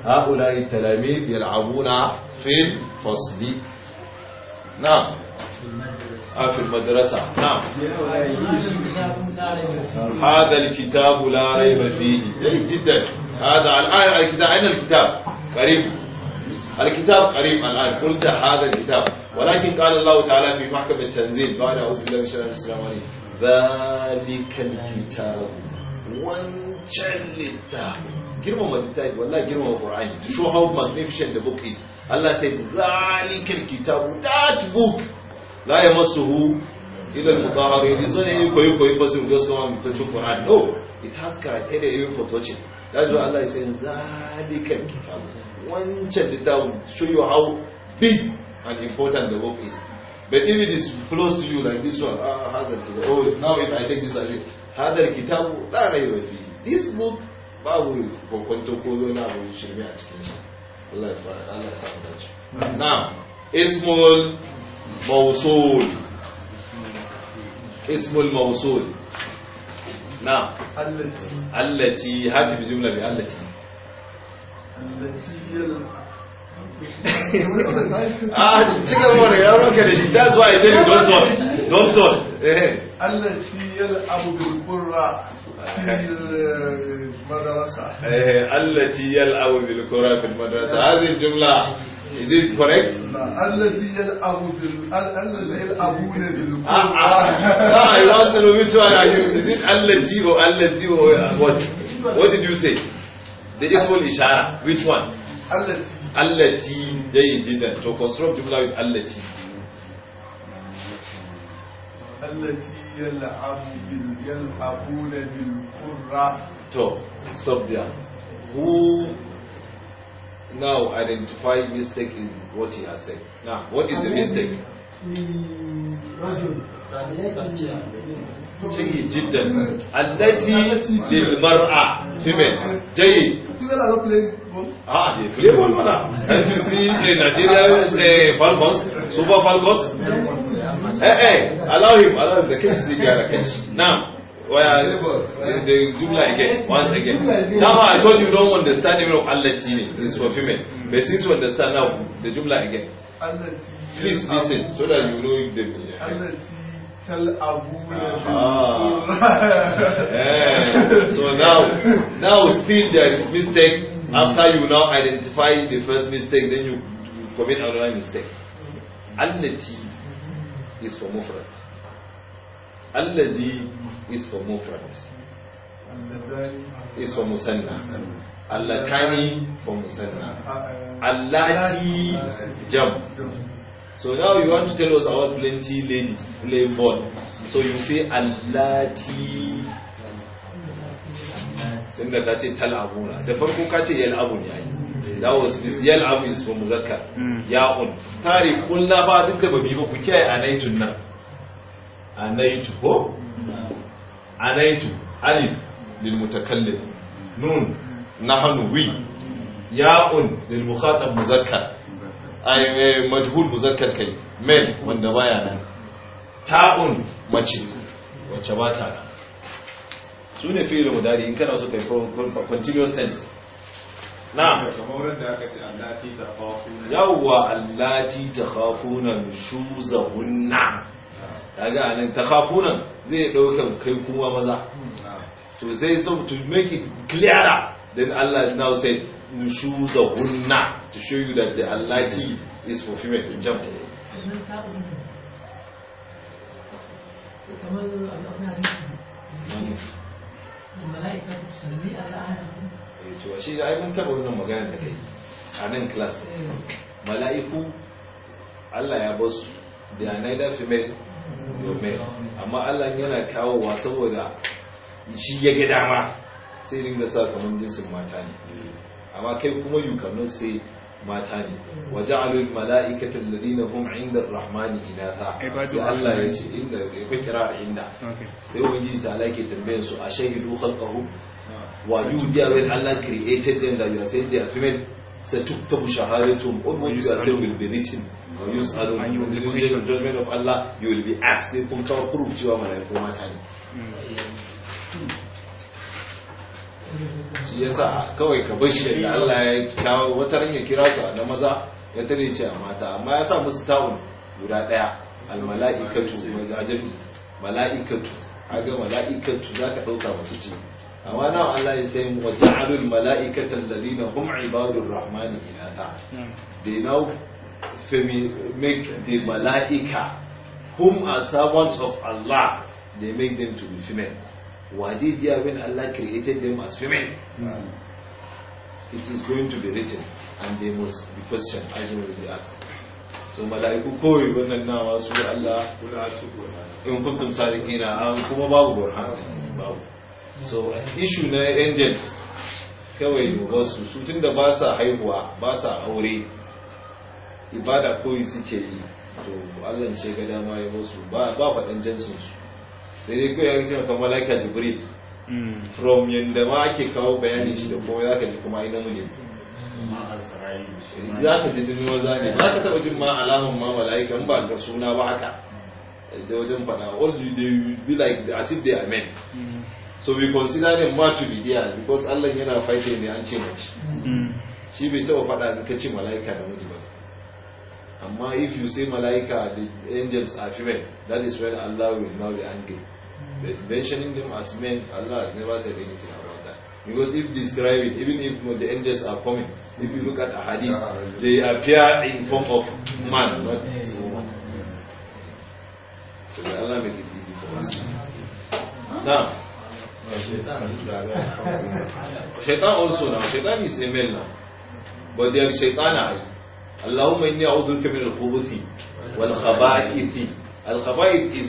هؤلاء التلاميذ يلعبون في الفصل نعم آه، في المدرسة نعم هذا الكتاب لا ريب فيه جيد جدا هذا الآية الكتاب أين الكتاب قريب الكتاب قريب الآن قلت هذا الكتاب ولكن قال الله تعالى في محكم التنزيل بعد أعوذ بالله من الشيطان السلام عليكم ذلك الكتاب وانشل الكتاب جرمه ما تتعب ولا جرمه القرآن شو هو magnificent the book is الله سيد ذلك الكتاب that book لا يمسه إلا المطهرين this one you go you go you pass him just come and touch your forehead no it has criteria even for touching that's why Allah is saying ذلك الكتاب wancan littafin show you how big and important the work is but if it is close to you like this one ah to the oh now if i take this as ashe hazar kitab la raiba fi this book babu kokonto ko wani abu shirme a cikin shi Allah ya fara Allah ya samu dace now ismul mawsul ismul mawsul now allati allati hatibi jumla bi allati a cikin wani yaron ka da shi ta zuwa idan doctor doctor eh allati yal'abu bil qurra fil madrasa eh allati yal'abu bil qurra fil madrasa hadhihi jumla Is it correct? الذي يلعب بال الذي Ah, ah, I want to know which one are you. Is it التي or التي or what? What did you say? the ismul ishara which one allati allati jidan to construct jumla with allati allati yal'abu bil yal'abuna bil qurra to stop there who now identify mistake in what he has said now what is the mistake جيد جدا التي للمرأة female جيد Ah, yeah, eh, eh, allow him, allow him. The the guy, again, once again. Now, I told you don't understand even of This for But since you understand now, the again. Please listen so that you know the. Ah. yeah. So now, now still there is mistake. After you now identify the first mistake, then you, you commit another mistake. Allati is for mufrad. Allazi is for mufrad. Is for musanna. Allatani for musanna. Uh, uh, Allati jump. So now you want to tell us about plenty ladies play ball. So you say allati tun da ka ce tal'abuna da farko ka ce yal'abun yayi that was this abu is for muzakkar hmm. ya'un on. tari la ba duk da babi ba ku kiyaye anaitun nan anaitu ko anaitu alif lil mutakallim nun hmm. nahnu wi ya'un lil mukhatab muzakkar Eh, majhul muzakkar kai med wanda baya nan ta'un mace wacce ba ta su ne fi'il mudari in kana so kai continuous tense na'am kamar da aka ce allati takhafuna yawwa allati takhafuna nushuzahunna kaga anan takhafuna zai dauka kai kuma maza to zai so to make it clearer then Allah now said nushuzahunna to show you that the alati is for female in jam to eh, shi ai mun taba wannan magana da kai a nan ne. mala'iku Allah ya basu da naida female nor amma Allah yana kawowa saboda shi ya gada ma sai ringa sa kamar jinsin mata ne amma kai kuma yukannin sai mata ne waje alul mala'ikatan lalina hum inda rahmani inata sai Allah ya ce inda ya fi kira a inda sai ubangiji ta alaƙe tambayin su a shahidu halkahu ah. wa you dear when Allah created them that you are saying they are female sa tuktabu shahadatum all what you are saying written wa yus'alun and you will judgment of Allah you will be asked sai kun kawo proof cewa mala'iku mata ne hmm. shi yasa kawai ka bar da Allah ya kawo wata ranya kira su a na maza ya tare ce a mata amma ya sa musu ta'un guda daya al mala'ikatu majajin mala'ikatu aga mala'ikatu za ka dauka musu ce amma na Allah ya sai mu ja'alul mala'ikatan ladina hum ibadur rahmani inatha they now make the malaika hum are servants of Allah they make them to be female Wadidiyah when Allah created them as women. Mm. It is going to be written and they must be questioned as they must be asked. So mala'iku kawai wannan nawa su Allah in kuntum sadiqina ah, kuma babu burhan babu. So issue na angels kawai wasu su tunda ba sa haihuwa ba sa aure ibada koyi suke yi to Allah ce ga dama ya musu ba faɗan jinsinsu sai dai kuwa ya ce maka malaka jibril hmm. from yadda ma ake kawo bayanin shi da kuma zaka ji kuma ina mujin za ka ji dini eh, za ne ba ka taba jin ma alaman ma mala'ika ba ka suna ba haka eh, da wajen fada all you do be like as if they are men hmm. so we consider them ma to be there because Allah yana fighting ne an ce mace hmm. shi bai taba fada ka ce mala'ika da miji ba amma if you say mala'ika the angels are female that is when Allah will now be angry mentioning them as men, Allah has never said anything about that. Because if describing, even if the angels are coming, if you look at a hadith, they appear in form of man, not so woman. So Allah make it easy for us. Now, Shaitan also now, Shaitan is a male now. But they are Shaitan اللهم min al-khubuthi wal-khaba'ithi. Al-khaba'ith is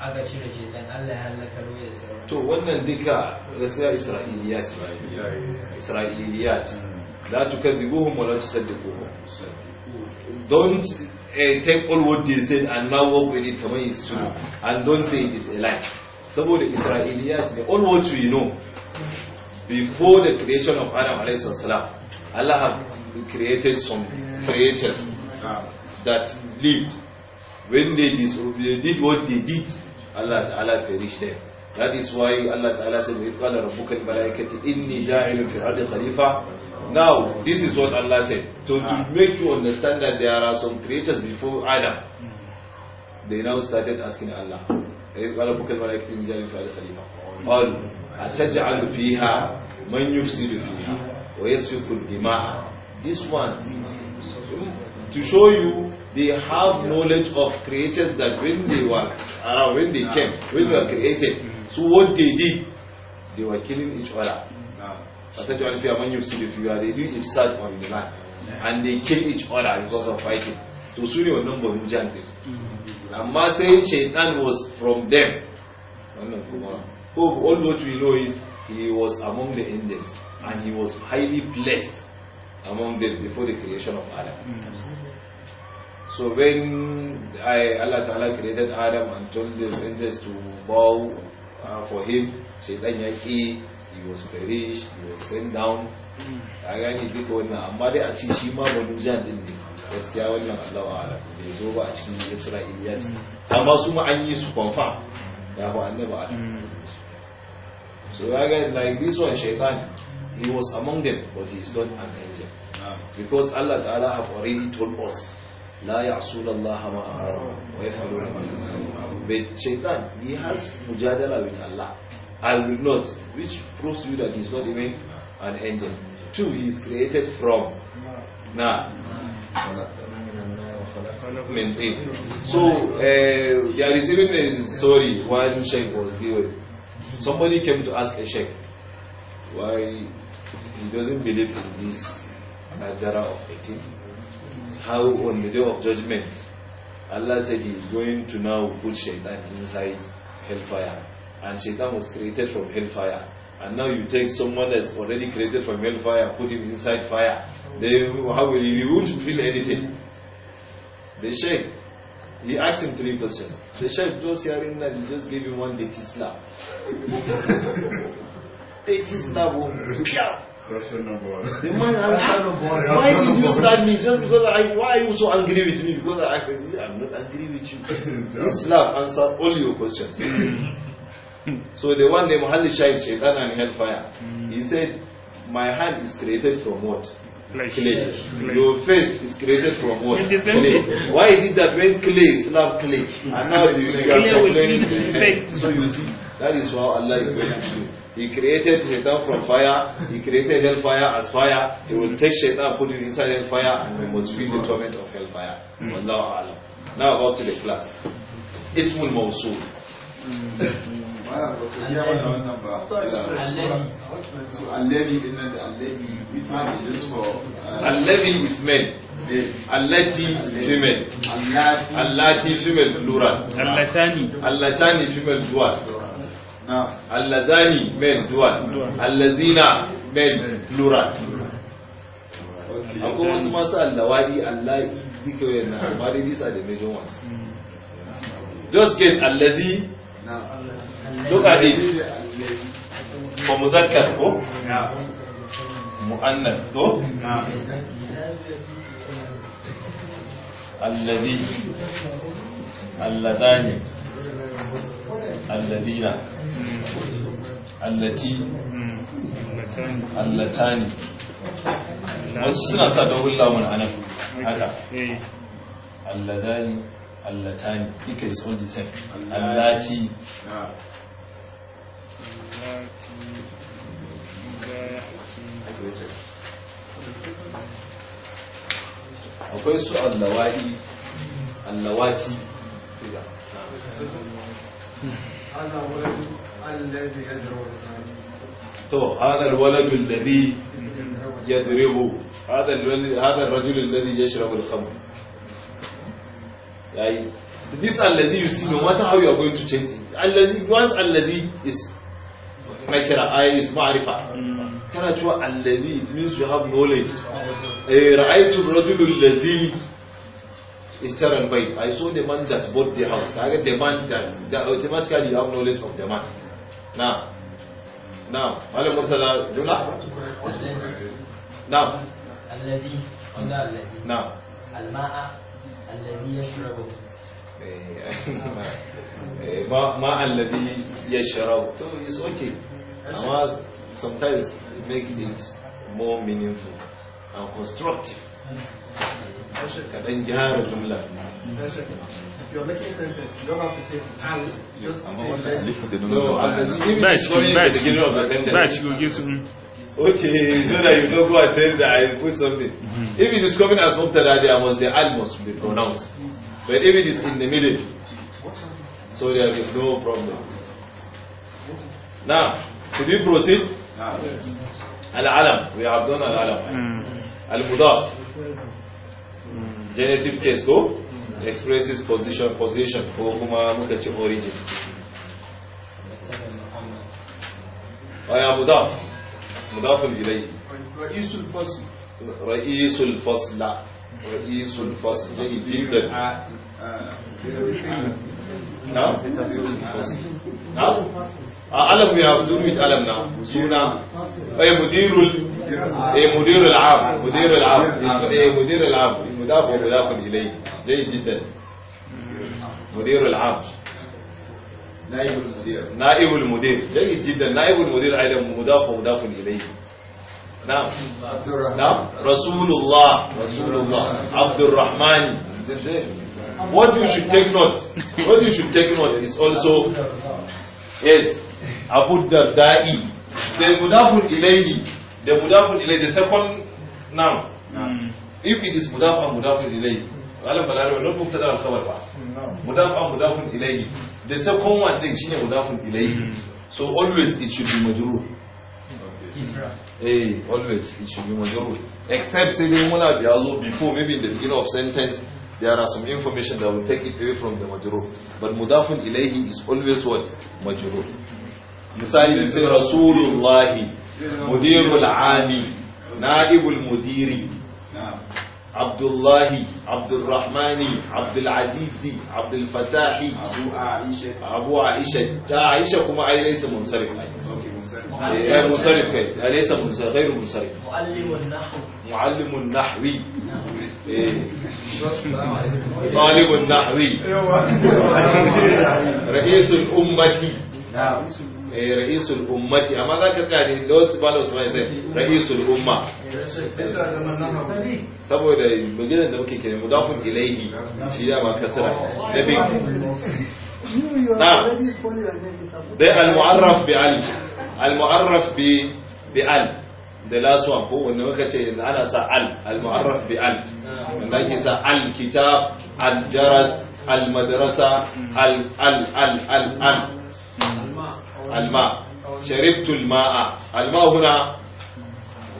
aka cire dan Allah ya halaka ruwa da sauran to wannan duka gaskiya isra'iliya isra'iliya la tukadhibuhum wa la tusaddiquhum don't uh, take all what they said and now walk with it kamar is true and don't say it is a lie saboda isra'iliyat ne all what we know before the creation of adam alayhi salam allah have created some creatures that lived when they did what they did Allah ta'ala farish there that is why Allah ta'ala said wa qala rabbuka lil malaikati inni ja'ilun fil ardi khalifa now this is what Allah said so to ah. make you understand that there are some creatures before Adam hmm. they now started asking Allah malaikati inni ja'ilun fil ardi khalifa خليفة hmm. ataj'al fiha man yufsidu fiha wa yasfiku dima'a this one hmm. to show you they have knowledge of creatures that when they were around, when they came, when they were mm. created, mm. so what they did, they were killing each other. That's why if you are when you see the figure, they do ifsad on the land. And they kill each other because of fighting. To soon your number will jump mm-hmm. Amma saying Shaitan was from them. All what we know is he was among the angels and he was highly blessed among them before the creation of Adam. Hmm. So when I, Allah Ta'ala created Adam and told the angels to bow uh, for him, Shaitan ya he was perished, he was sent down. Hmm. A gani duka wannan, amma dai a ci shi ma manujan din ne, gaskiya wannan Allah ala bai zo ba a cikin Isra'iliyat. Hmm. Amma su ma an yi su confirm, ya ba annaba Adam. So ya gani like this one shaitan He was among them, but he is not an angel. Because Allah Ta'ala have already told us, لا يعصون الله ما أمرهم ويفعلون ما But Shaitan, he has mujadala with Allah. I will not, which proves to you that he is not even an angel. Two, he is created from. na. So uh, eh, you are receiving a story while Sheikh was given. Somebody came to ask a Sheikh, why he doesn't believe in this Najara of 18. How on the day of judgment, Allah said he is going to now put shaitan inside hellfire. And shaitan was created from hellfire. And now you take someone that's already created from hellfire, put him inside fire. They, how will you, won't feel anything. The sheikh, he asked him three questions. The sheikh, those hearing that, he just gave him one dirty slap. 80s Nabo. That's your number one. The man asked, why did you slap me? Just because I, why are you so angry with me? Because I asked, I'm not angry with you. Islam answer all your questions. so the one named Muhammad Shahid, Shaitan and Hellfire, mm. he said, my hand is created from what? Clay. clay. Your face is created from what? Clay. Why is it that when clay is love, clay, and now you, you are complaining? So you see, that is how Allah is going to do. He created Shaitan from fire. He created hellfire as fire. He will take Shaitan, put it inside hellfire, and he must feel the torment of hellfire. Hmm. Wallahu alam. Now about to the class. Ismul Mawsul. Allahi is men. Allati female. Allati female plural. Allatani. Allatani female dual. allazani men dual allazina men plural akwai wasu masu allawadi allahi duka wayan na amma dai these are the major ones just get allazi look at it ko muzakkar ko mu'annath ko allazi allazani alladina allati allatani wasu suna sa dogon lamun a haka alladani allatani duka is all the allati akwai su allawati allawati تو هذا الولد الذي يدربه هذا هذا الرجل الذي يشرب الخمر يعني this الذي you see no matter how you are going to change it الذي was الذي is نكرة أي is معرفة mm. كانت هو الذي it means you have knowledge إيه، رأيت الرجل الذي Ishtar al-Bayt. I saw the man that bought the house. I get the man that, that automatically oh, you have knowledge of the man. Now, now, Malam Murtada, Jumla? Now. الذي قلنا الذي نعم so it's okay amma sometimes make it more meaningful and constructive hmm. kaɗan gyara jumla ba cikin ba cikin ba cikin gisu okay so that you know go and tell that I put something if it is coming as mubtada the almost the al must be pronounced but if it is in the middle so there is no problem now should we proceed al alam we have done al alam al mudaf genitive case ko expresses position position ko kuma muka ci origin aya mudaf mudafun ilayhi ra'isul fasl ra'isul fasl ra'isul fasl jayyid jiddan نعم نعم علم يعبدون من علم نعم يضاف مضاف إليه جيد جدا مدير العام نائب المدير نائب المدير جيد جدا نائب المدير أيضا مضاف ومضاف إليه نعم نعم رسول الله رسول الله عبد الرحمن what you should take note what you should take note is also yes Abu Dardai the mudafun ilayhi the mudafun ilayhi the second noun if it is mudaf and ilayhi wala balarabi wala mubtada al khabar ba mudafa and ilayhi the second one din shine mudaf ilayhi mm-hmm. so always it should be majrur eh always it should be majrur except say dai muna bi allo before maybe in the beginning of sentence there are some information that will take it away from the majrur but mudaf ilayhi is always what majrur misali bi sai rasulullahi mudirul ami naibul mudiri عبد الله عبد الرحمن عبد العزيز عبد الفتاح أبو عائشة أبو عائشة تا عائشة كما أي ليس منصرف أي منصرف أي آه، آه، ليس منصرف غير منصرف معلم النحو معلم النحوي نعم. إيه. طالب النحوي أيوة. رئيس الأمة نعم إيه، رئيس الأمة أما ذاك قاعد يدوت بالو سماي زين رئيس الأمة سبوا إذا مجرد أن ممكن كده مضاف إليه شيء ما كسره نبي نعم المعرف بعل المعرف ب بعل the last one هو إنه كده أنا سأل المعرف بعل لكن سأل الكتاب الجرس المدرسة ال ال ال ال, ال, ال, ال, ال, ال, ال الماء شربت الماء الماء هنا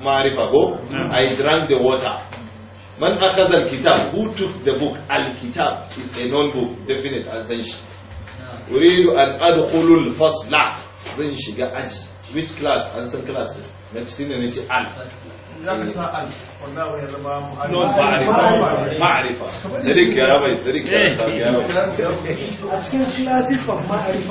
معرفة go I drank the water من أخذ الكتاب who took the book الكتاب is a known book definite an san shi أريد أن أدخل الفصل zan shiga aji which class an san class ne na al non ma'arifa ma'arifa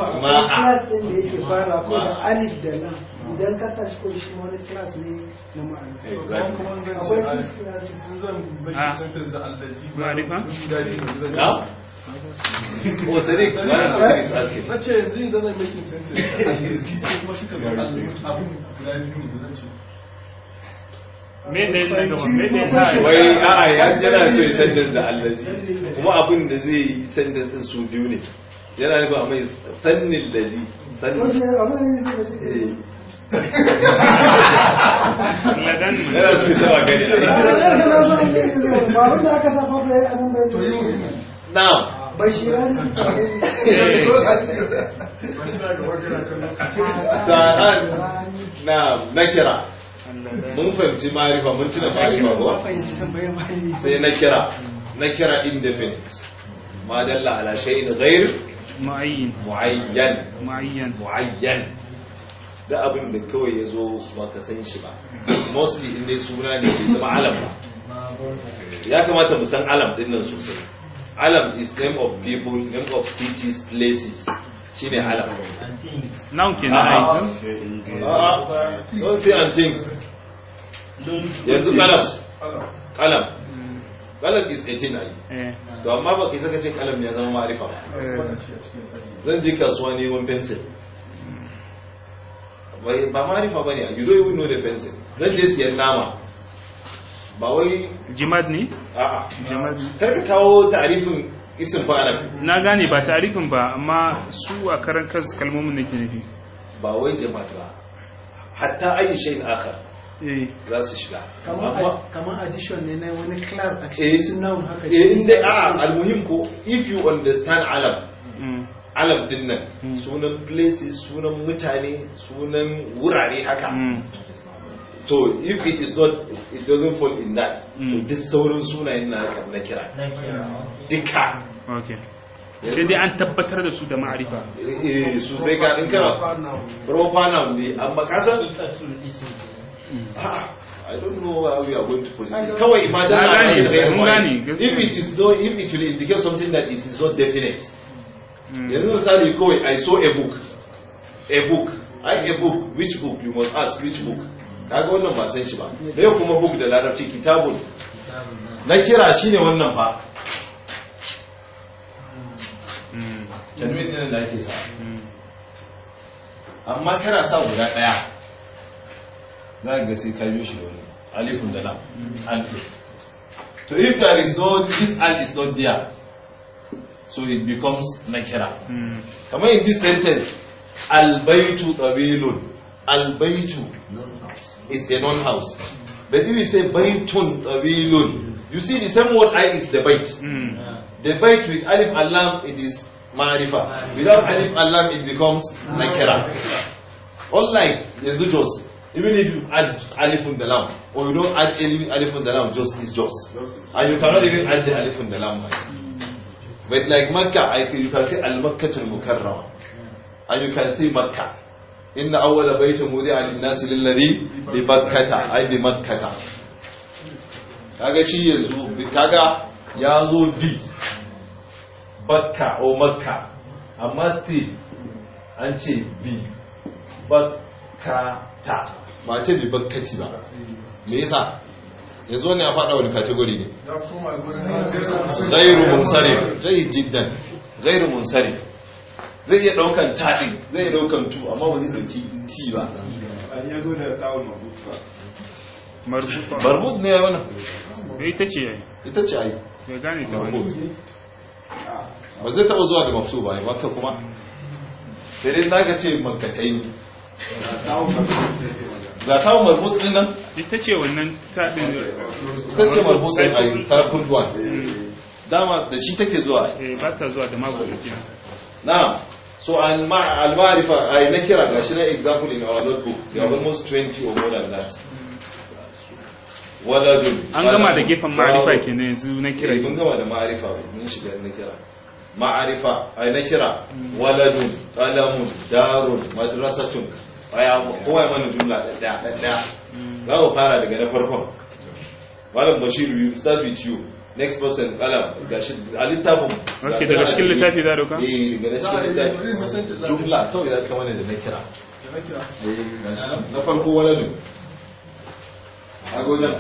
a ma'arifa idan ka sa shi ko shi wani class ne na ma'arifa akwai six classes sun zan bayyana ah. sentence da allazi o sadiq ranar ko sadiq aske na oh, zan abin guda biyu da ce wai a'a ya jana so ya sandar da allaji kuma abin da zai yi sandar din su biyu ne yana nufin a mai sannin lazi sannin ladan mu yana eh. na kira. mun fahimci ma'arifa mun cina ma'arifa ba sai na kira na kira indefinite ma dalla ala shay'in ghair muayyan ma'ayyan muayyan da abin da kawai ya zo ba ka san shi ba mostly in dai suna ne da zama alam ya kamata mu san alam din nan sosai alam is name of people name of cities places shine alam noun kenan ah don say and things yanzu kalam kalam kalam is 18 ai eh. to amma ba kai saka ce kalam ya zama ma'arifa ba eh. zan je kasuwa ne wani pencil ba ma'arifa ba ne a don't even nuna pencil zan je siyan nama ba wai jimad ne? a'a jimad ne karka kawo tarifin isin fa'ala na gane ba tarifin ba amma su a karan kansu kalmomin ke nufi ba wai jimad ba hatta ayyushe na akar Eh. za su shiga kamar addition ne na wani class a cikin eh. sunan haka eh, shi inda a ah, almuhim ko if you understand alam mm. alam din nan mm. sunan places sunan mutane sunan wurare haka mm. to if it is not it doesn't fall in that to duk sauran sunayen na haka na kira Dika. okay sai dai an tabbatar da su da ma'arifa eh su sai ka in kana proper noun ne amma kasar I don't know where we are going to put it. If it is though, if it will indicate something that it is not definite. Yanzu hmm. you kawai I saw a book. A book. I a book. Which book? You must ask which book. ga wannan ba san shi ba. Me kuma book da larabci kitabun. Na kira ne wannan fa. Hmm. Tanwin din da ake sa. Hmm. Amma kana sa guda daya. za ga sai kayo shi wani alifun da nan to if there is no this al is not there so it becomes nakira kamar hmm. in this sentence albaitu tawilun albaitu is a non house but if you say baitun tawilun you see the same word i is the bait hmm. the bait with alif alam it is ma'rifa without alif alam it becomes nakira unlike the Even if you add alif and the lamb or you don't add any alif and the lamb just is just. And you cannot even add the alif and the lamb But like Makkah, I can, you can say al-Makkah al-Mukarrama. And you can say Makkah. إن أول بيت مذيع للناس makkata بمكة أي makkata kaga shi yanzu kaga ya zo bi bakka o makka amma still an ce bi bakka ta ba ce bi bakkaci ba me yasa yanzu wannan ya faɗa wani kategori ne gairu munsari zai jiddan gairu munsari zai iya ɗaukan taɗin zai iya ɗaukan tu amma ba zai ɗauki ti ba marbut ne ya wannan eh, ita ce yayi ita ce yayi bai gane ta marbut ba zai taɓa zuwa da mafsu ba ya maka kuma sai dai na ga ce makatai ne ga tawon marbut din nan ita ce wannan ta din ita ce marbut din ai sarkun duwa hmm. dama da shi take zuwa eh ba ta zuwa da magulaki Na so al ma'rifa ai na kira gashi na example in our notebook there are hmm. almost 20 or more than that waladun an gama da gefen ma'arifa kenan yanzu na kira eh, mun gama da marifa mun shiga na kira ma'arifa ai na kira hmm. waladun qalamun darun madrasatun kowa ya mana jumla da ɗaɗɗa ɗaɗɗa za mu fara daga na farkon malam bashir you start with you next person kalam gashi a littafin ok daga cikin littafi da doka? eh daga cikin littafi jumla kawai za ka wani da na kira eh, na farko wani ne agonan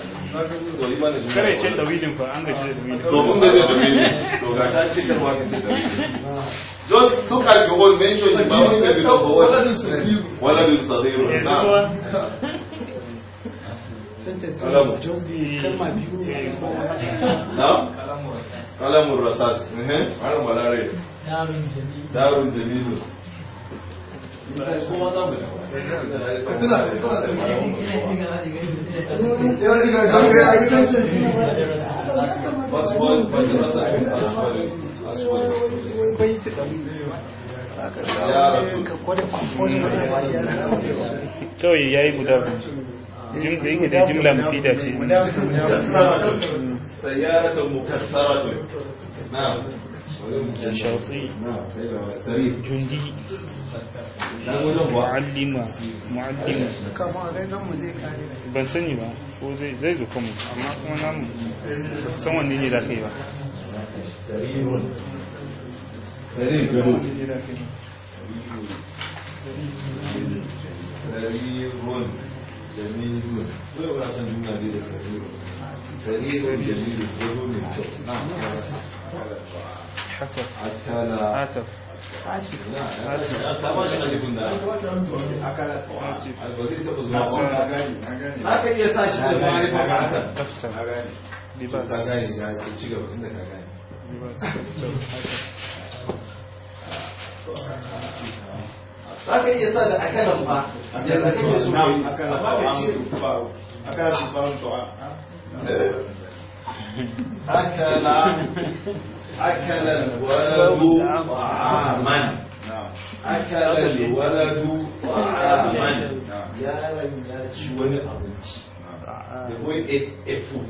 to yi mana jumla kare ce da wilin fa an gaji da wilin to kun gaji da wilin to gashi an ce karwa ka ce da wilin Just look at your own mention in Bible baby number one. ولد صغير نعم. كلام just be نعم كلام الرصاص كلام الرصاص دار جميل أسود فجرسة أسود أسود bai ta kawai ya yi guda yake da jimla ban sani ba ko zai zo amma kuma san wanne ne ba sarir gano sarirun jamilun sai ba san juna ne da haka iya sa da akalan ba yadda kake so ne amma bai ce faru akalan su faru to akala akala waladu ta'aman akala waladu ta'aman yaron ya ci wani abinci the boy ate a food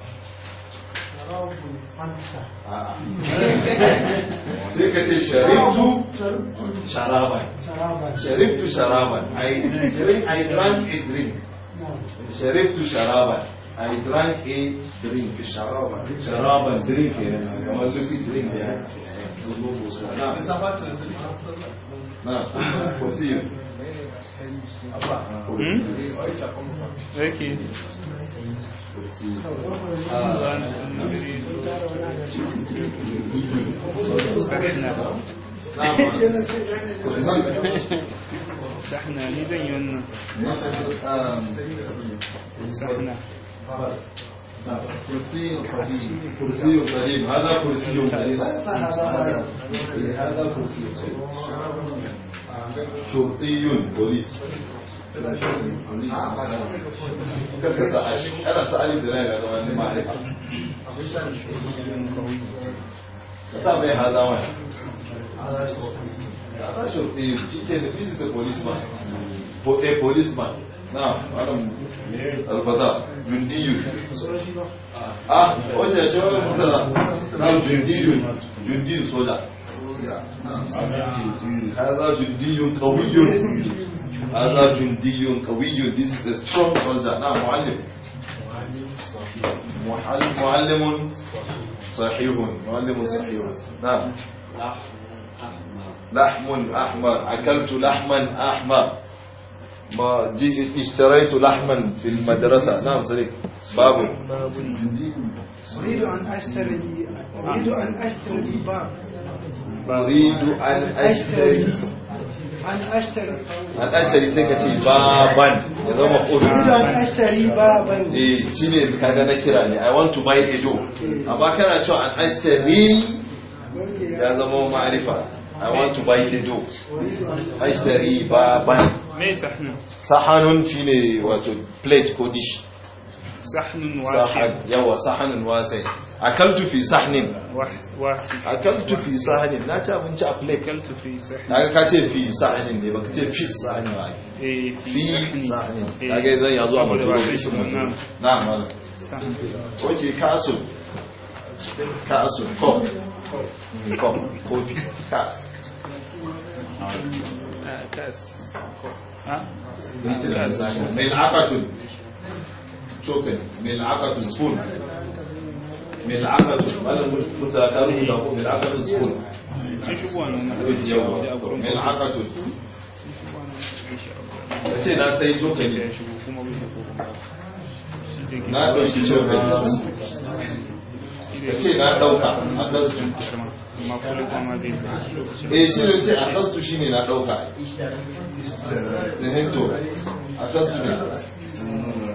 sai ka ce sharibtu sharaban sharibtu sharaban i drank a drink sharibtu sharaban i drank a drink sharaban sharaban drink ne kamar drink سحنا لدن سحنا كرسي قديم كرسي قديم هذا كرسي قديم هذا كرسي شرطي بوليس ana sa ne a a a soja haza jundiyu kawiyun هذا جندي قوي this is a strong soldier نعم معلم معلم صحيح معلم صحيح نعم لحم أحمر أكلت لحما أحمر ما اشتريت لحما في المدرسة نعم صديق باب أريد أن أشتري أريد أن أشتري باب أريد أن أشتري an ashtari sai ka ce ban ya zama kuri an ashtari baban eh shi ne kaga na kira ne i want to buy a do. amma kana cewa an ashtari ya zama ma'arifa i want to buy a do ashtari ba ban sahanun shi ne wato plate ko dish sahnun wasi yawa sahnun wasai. akaltu fi sahnin akaltu fi sahnin na ci abinci a plate akaltu fi sahnin ce fi sahnin ne baka ce fi sahnin ba eh, fi sahnin eh. kaga zan yazo a mutum ishin mutum na'am oke kasu kasu cup kofi kas ah, kas ah, mai cokali mil'aqatu spoon mil'aqatu wannan mutum ta rubuta ko mil'aqatu spoon mil'aqatu ta ce na sai cokali na ɗauki cokali ta ce na ɗauka a kasu eh shi ne ce a kasu shi ne na ɗauka hinto a kasu ne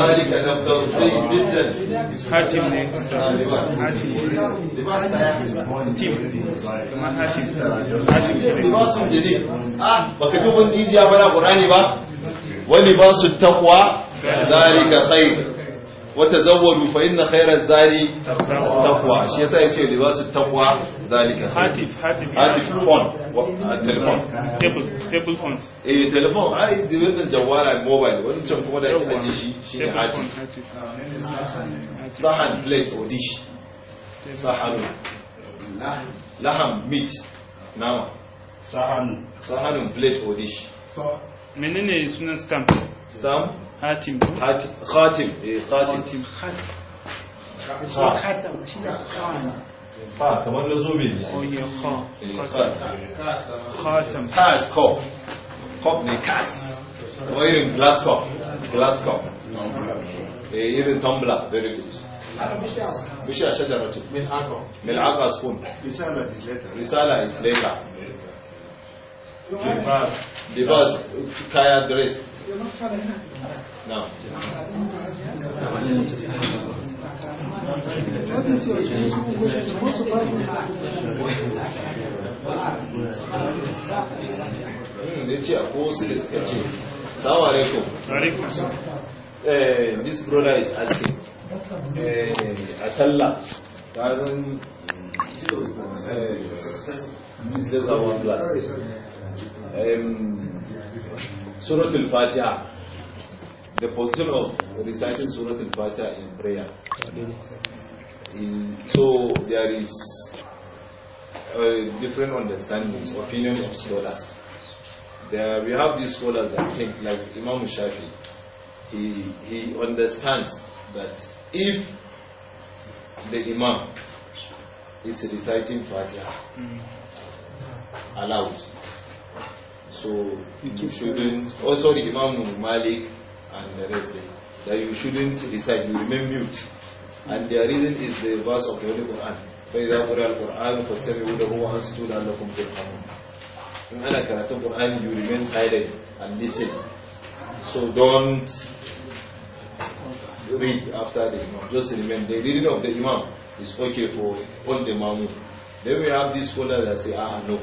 ذلك نفتر فيه جدا هاتم ne هاتم تيم كما هاتم هاتم لباس جديد اه baka ji ubangiji ya bana qur'ani wata zawwadu fa inna khairaz zari taqwa shi yasa yace libasu taqwa zalika hatif hatif hatif phone telephone table table phone eh telephone ai dinin jawara mobile wannan can kuma da yake aje shi shine hatif sahan plate or dish sahan laham meat nama sahan sahan plate or dish menene sunan stamp stamp إيه، خاتم خاتم خاتم خاتم خاتم إيه، خاتم خاتم خاتم خاتم خاتم خاتم خاتم خاتم خاتم كاس كوب كوب شجرة ملعقة ملعقة سكون رسالة is رسالة لباس لباس كايا دريس Assalamu alaikum. Uh, this brother is asking uh, a sallah tarin is less one glass um, Surah Al-Fatiha. The position of reciting Surah Al-Fatiha in prayer. In, so there is a different understandings, opinions of scholars. There, we have these scholars that think, like Imam Shafi, he, he understands that if the Imam is reciting Fatiha mm. aloud, so you shouldn't, also oh, the Imam Malik and the rest, that you shouldn't decide. you remain mute. And the reason is the verse of the Holy Quran. فَإِذَا قُرِيَ الْقُرْآنُ فَاسْتَمِعُوا لَهُ وَأَنْصِتُوا لَعَلَّكُمْ تُرْحَمُونَ In ana karatun Quran, you remain silent and listen. So don't read after the Imam. Just remain. The reading of the Imam is okay for all the Mamun. Then we have this folder that say, ah, no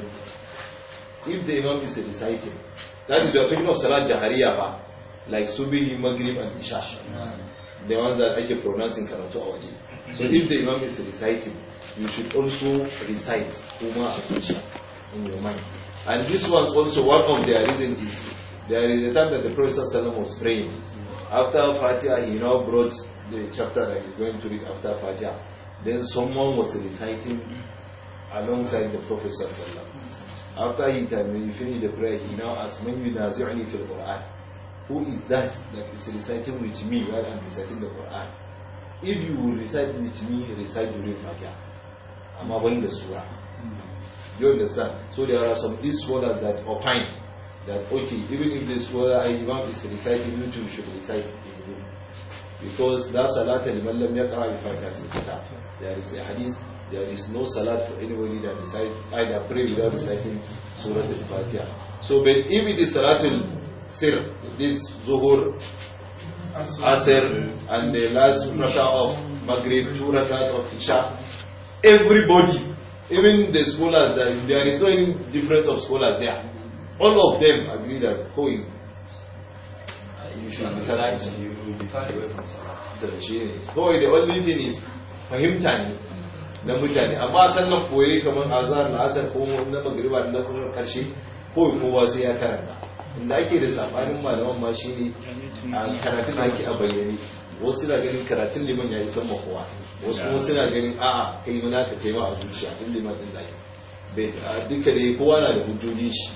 if the Imam is reciting. That is, we are talking of Salah Jahariya, like Subihi, Maghrib, and Isha. Mm. The ones that actually pronounce in Karatu Awaji. So mm. if the Imam is reciting, you should also recite Umar and Isha in your mind. And this was also one of their reasons is there is a time that the Prophet was praying. After Fatiha, he now brought the chapter that he's going to read after Fatiha. Then someone was reciting mm. alongside the Prophet. After he time, when you finish the prayer, he now asks, Man yunazi'uni fil Quran. Who is that that is reciting with me while I'm reciting the Quran? If you will recite with me, recite during Fajr. I'm avoiding the surah. You understand? So there are some these scholars that opine that okay, even if this scholar Imam is reciting, you too should recite Because that's a lot of They There is a hadith there is no salat for anybody that recites either pray without reciting Surah Al-Fatiha. So, but if it is Salatul Sir, this Zuhur, Asr, and the last Rasha of Maghrib, two Rashas of Isha, everybody, even the scholars, there is no any difference of scholars there. All of them agree that who is uh, you should be salat. You will be far away from salat. The only thing is, for him time. na mutane amma sannan koyi kamar azhar na asar ko na magriba na kuma karshe ko kowa sai ya karanta inda ake da safanin malaman ma shine karatun ake a bayyane wasu na ganin karatun liman ya isan makowa wasu kuma suna ganin a'a kai mana ka kai ma a zuciya din liman din zaki bai duka ne kowa na da hujjoji shi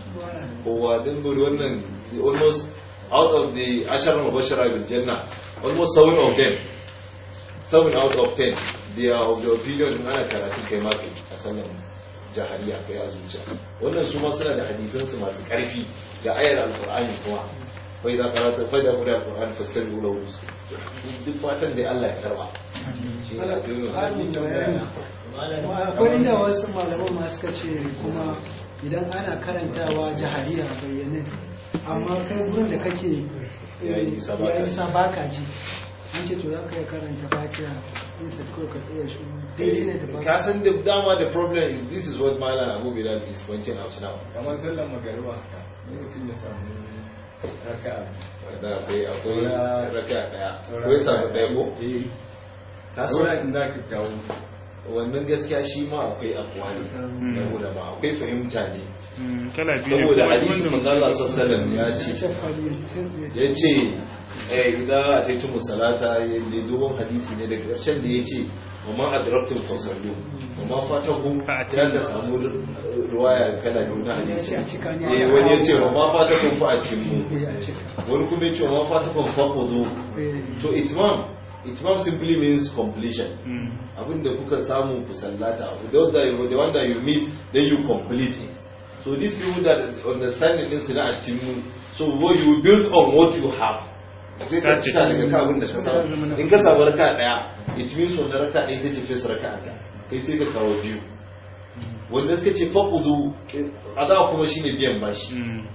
kowa din buri wannan almost out of the ashar mubashara bil janna almost seven of them seven out of ten they are of the opinion in ana karatun kai ma a sallan jahariya kai a zuciya wannan su ma suna da hadisansu masu karfi da ayar alqur'ani kuma bai fa idza qara'ta fa da qur'an alqur'ani fastami'u lahu duk fatan da Allah ya karba shi ne akwai inda wasu malaman masu kace kuma idan ana karantawa jahariya bayyanin amma kai gurin da kake eh, ya isa baka ji an ce to ya kai karanta fatiha in sa kawai ka tsaya shi eh, daidai ne da ba ka san da dama the problem is this is what my malam abu bilal is pointing out now kamar sallan magaruwa ne mutum ya samu raka'a da bai akwai raka'a daya ko ya samu daya ko eh ka sura inda ka kawo wannan gaskiya shi ma akwai akwai na hmm. ulama akwai fahimta ne hmm, saboda hadisin manzala sassalam ya ce ya ce eh, idza ataytum salata da dogon hadisi ne daga karshen da ya ce amma ma adraktum fasallu amma fata fatahu ya da samu ruwaya kala biyu na hadisi eh wani ya ce amma ma fatakum fa eh, wani kuma ya ce wa ma fatakum fa eh. to itmam itmam simply means completion hmm. abinda kuka samu ku sallata the one that you miss then you complete it so this people that understand the din su na atimmu so what you build on what you have in ka sa barka daya it means wanda raka daya ita ce fesa raka ka kai sai ka kawo biyu hmm. wanda suka ce a da kuma shi ne biyan bashi hmm.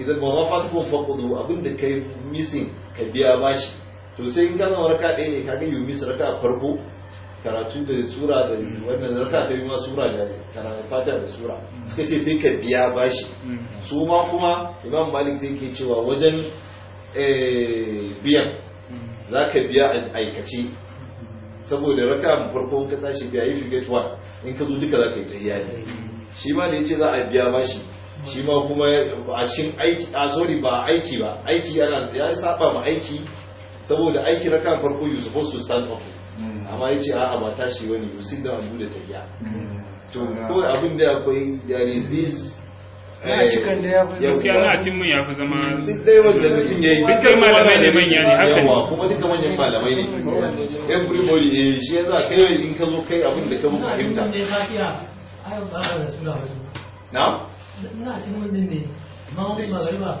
idan ba ma fatu faqudu abinda kai missing ka biya bashi to sai in ka zama raka ɗaya ne kaga you su raka farko karatu da sura da wannan raka ta yi ma sura da karatu fata da sura suka ce sai ka biya bashi su ma kuma imam malik sai ke cewa wajen eh, biyan za ka biya aikace saboda raka farkon ka tashi biya yi shiga one in ka zo duka za ka yi ta iyali shi ma da ya ce za a biya bashi shi ma kuma a cikin aiki a sori ba aiki ba aiki yana ya saba ma aiki saboda aiki na kan farko you supposed to stand up hmm. amma ya ce a'a ba tashi wani you sit down do da tafiya hmm. to ko abin da akwai there is this eh, ci kan da ya fi zama ya na cin mun ya fi zama duk dai wanda mutum ya yi dukkan malamai ne manya ne haka ne kuma duka manyan malamai ne everybody eh shi yasa kai in ka zo kai abin da ka mu fahimta na na cin mun ne ma wani ba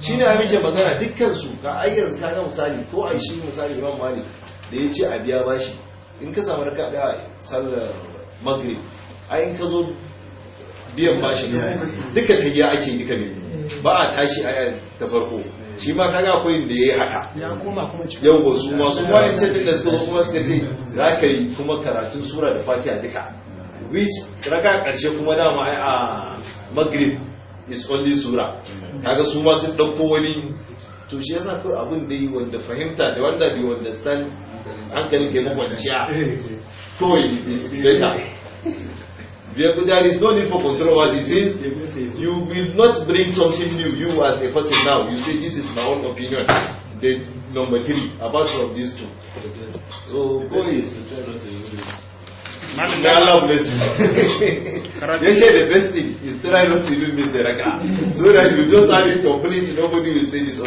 shi ne muke magana dukkansu ka ayyar ka ga misali ko a shi misali imam malik da ya ce a biya bashi in ka samu raka daya sallar magrib a in ka zo biyan bashi duka ta yi ake duka ne ba a tashi a ta farko shi ma kaga akwai da ya yi haka yau ba su masu wani ce da suka zo kuma suka ce za ka yi kuma karatun sura da fatiha duka which raka karshe kuma dama a magrib is only sura kaga su ma sun dauko wani to shi yasa ko abin da yi wanda fahimta da wanda bi understand hankali ke kwanciya to is better Because there is no need for controversy. is you will not bring something new, you as a person now, you say this is my own opinion. The number three, apart from these two. So go ahead. May Allah bless you. they say the best thing is try not to even miss the raka. So that you just have it complete, nobody will say this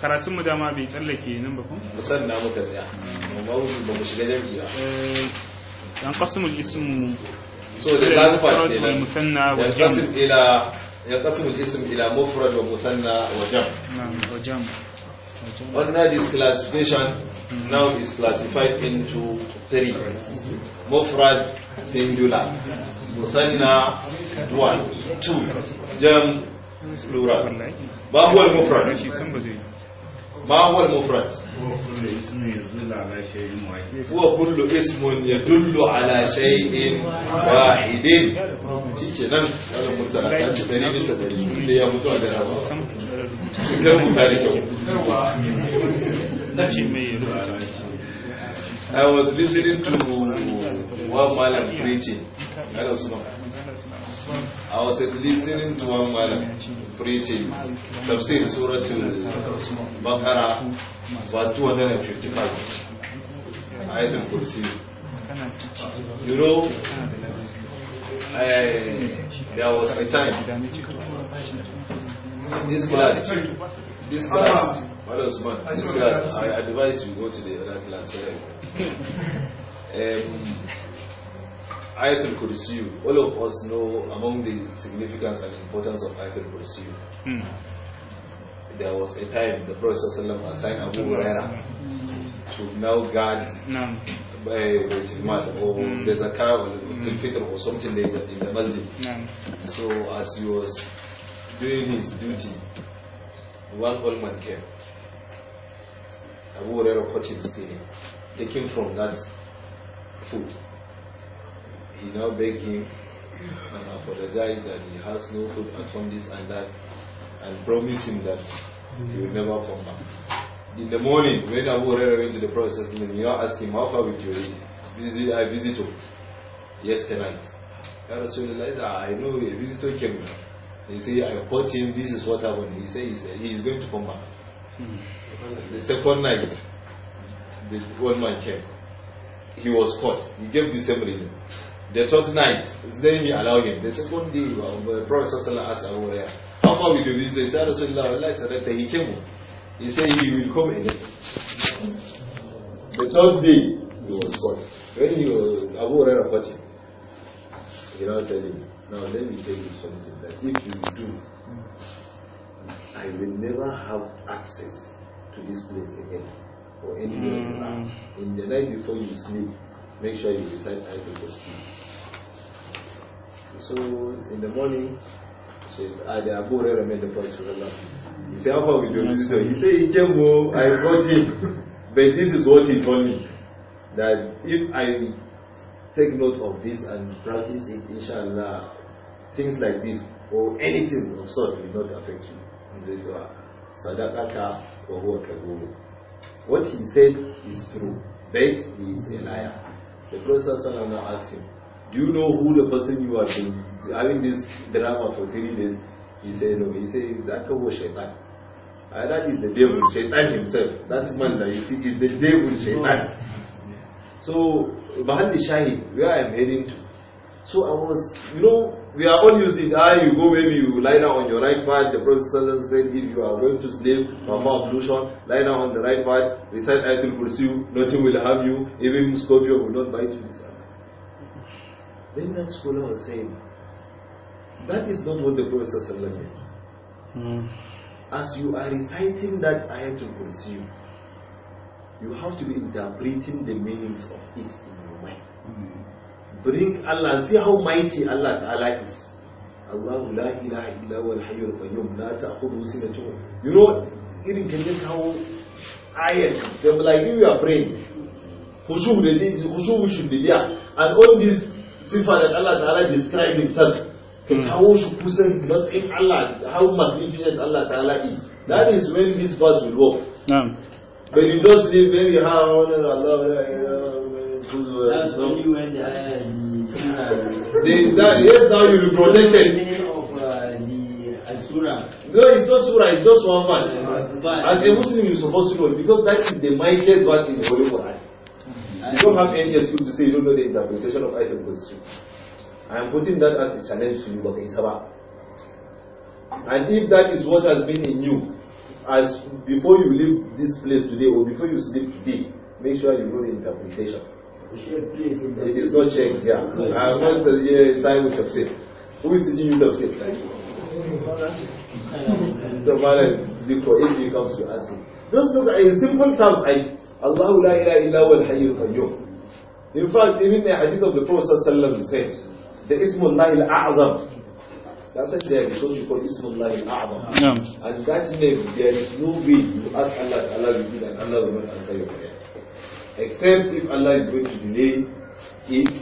karatun mu dama bai tsallake nan ba ku Musan na muka tsaya. mu Ba mu ba mu shiga jami'a eh Dan qasimul ism so the last part musanna wa jam ya al-ism ila mufrad wa musanna wa jam na'am wa jam وجمع. this classification hmm. now is classified into three. mufrad singular musanna dual two jam plural ma huwa al-mufrad ما هو المفرد هو كل اسم يدل على شيء واحد شيء نعم هذا متعلق دليل بس دليل اللي يموت على هذا كم متعلق نعم I was listening to one man preaching. I was I was listening to one man preaching. Tafsir Surah Al-Baqarah, verse 255. I Ayatul see. You know, I, there was a time. This class, this class, Madam Usman, this class, I advise you go to the other class. Where um, Ayatul Kursi, all of us know among the significance and importance of Ayatul Kursi. Hmm. There was a time the Prophet assigned Abu Huraira to now guard no. by uh, Baitul Mal or hmm. the Zakah or mm. Fitr or something like that in the Masjid. So as he was doing his duty, one old man came. Abu Huraira caught him stealing taken from that food. He now begged him and apologized that he has no food at home, this and that, and promised him that he will never come back. In the morning, when Abu Huraira went to the Prophet, he now asked him, How far with you? Visit, I uh, visited yesterday night. Ya Rasulullah, I know a visitor came now. He said, I caught him, this is what happened. He said, he is going to come back. Hmm. the second night, the one man came. He was caught. He gave the same reason. The third night, they didn't allow him. The second day, the uh, um, uh, Prophet asked Abu Hurairah, How far will you visit? He said, Rasulullah, Allah is director. He came He said, He will come again. The third day, he was caught. When he was, Abu Hurairah caught him, he now tell him, Now let me tell you something that if you do, I will never have access to this place again for any day of mm. In the night before you sleep, make sure you decide how to proceed. So in the morning, the Abu Hurairah made the Prophet He said, how far we do this He said, he came home, I brought him. But this is what he told me. That if I take note of this and practice it, inshallah, things like this or anything of sort will not affect you. Sadaqaka wa huwa kaburu. What he said is true, but he is a liar. The Prophet asked him, Do you know who the person you are being, having this drama for three days? He said, No. He said, That was shaitan. Uh, that is the devil, shaitan himself. That man that you see is the devil, shaitan. So, the Shahid, where I am heading to. So I was, you know, we are all using ah, you go maybe you lie down on your right side, the Prophet said if you are going to sleep, perform ablution, lie down on the right side, recite ayatul pursue, nothing will harm you, even Scorpio will not bite you. Then that scholar was saying, that is not what the Prophet said. Mm. As you are reciting that ayatul pursue, you have to be interpreting the meanings of it in your mind. Mm. bring Allah and see how mighty Allah Ta'ala is. Allah la ilaha illa huwa al-hayyul qayyum la ta'khudhuhu sinatun. You know, even can look how ayat, they were like, you are praying. Khushu, khushu should be there. And all these sifa that Allah Ta'ala described himself, how kusan matsayin Allah, how magnificent Allah Ta'ala is. That is when this verse will work. No. When you don't live very hard, Allah, Allah, Allah, That's when you went there. Yes, now you will be protected. Asura. No, it's not surah, it's just one verse. As a Muslim, you're supposed to know because that is the mightiest verse in the Holy Quran. You don't have any excuse to say you don't know the interpretation of item position. I am putting that as a challenge to you, it's about. And if that is what has been in you, as before you leave this place today or before you sleep today, make sure you know the interpretation. It is not changed. yeah. I'm not uh, the time Sahib Tafsir. Who is teaching you Tafsir? the man before if he comes to ask him. Just look in simple terms, I, Allahu la ilaha illa wa al-hayyul qayyum. In fact, even the hadith of the Prophet said, the Ismullah al-A'zam. That's a name because we call Ismullah al-A'zam. And that name, there is no way you ask Allah, Allah will do that, Allah will not answer your prayer. Except if Allah is going to delay it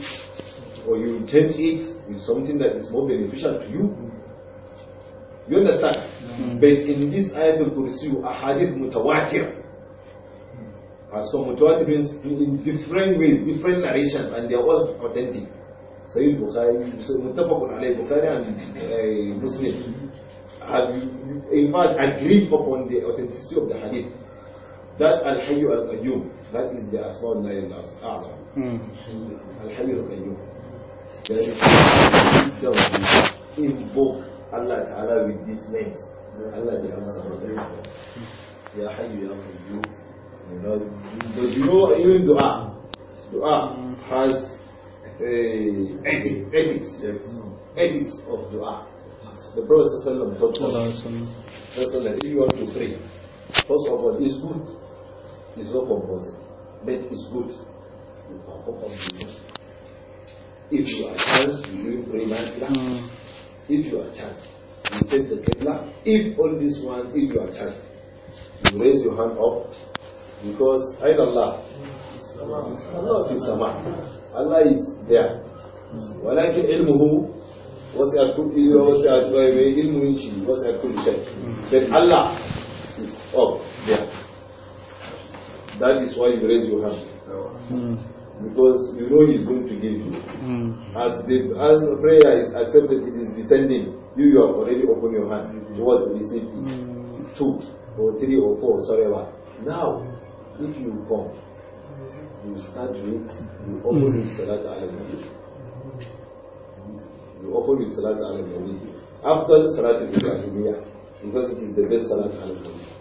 or you intend it with something that is more beneficial to you. You understand? Mm. But in this ayatul kursi, ahadith mutawatir. As for mutawatir means in different ways, different narrations, and they are all authentic. Sayyid Bukhari, Muttafaqun alayhi Bukhari and eh, Muslim have in fact agreed upon the authenticity of the hadith. That Al-Hayyu Al-Qayyum, that is the Asma al Azam. Al-Hayyu Al-Qayyum. Invoke Allah Ta'ala with these names. Allah the answer. Ya Hayyu Ya Qayyum. You know, but you know even dua, dua has uh, ethics, ethics, ethics of dua. The Prophet Sallallahu Alaihi Wasallam taught us that if you want to pray, first of all, it's good is not compulsory, but it's good. You perform obligation. If you are chance, you will pray Mm. If you are chance, you take the kettle. If all these ones, if you are chance, you raise your hand up because I Allah. Allah is Sama. Allah is there. ولكن علمه وسع كل وسع علمه شيء وسع كل شيء. But Allah is up there. That is why you raise your hand. Mm. Because you know He is going to give you. Mm. As the as the prayer is accepted, it is descending. You, you have already opened your hand mm. towards receiving mm. two or three or four, Sorry, whatever. Now, if you come, you start with, you open hmm. with Salat al You open with Salat al After Salat al because it is the best Salat al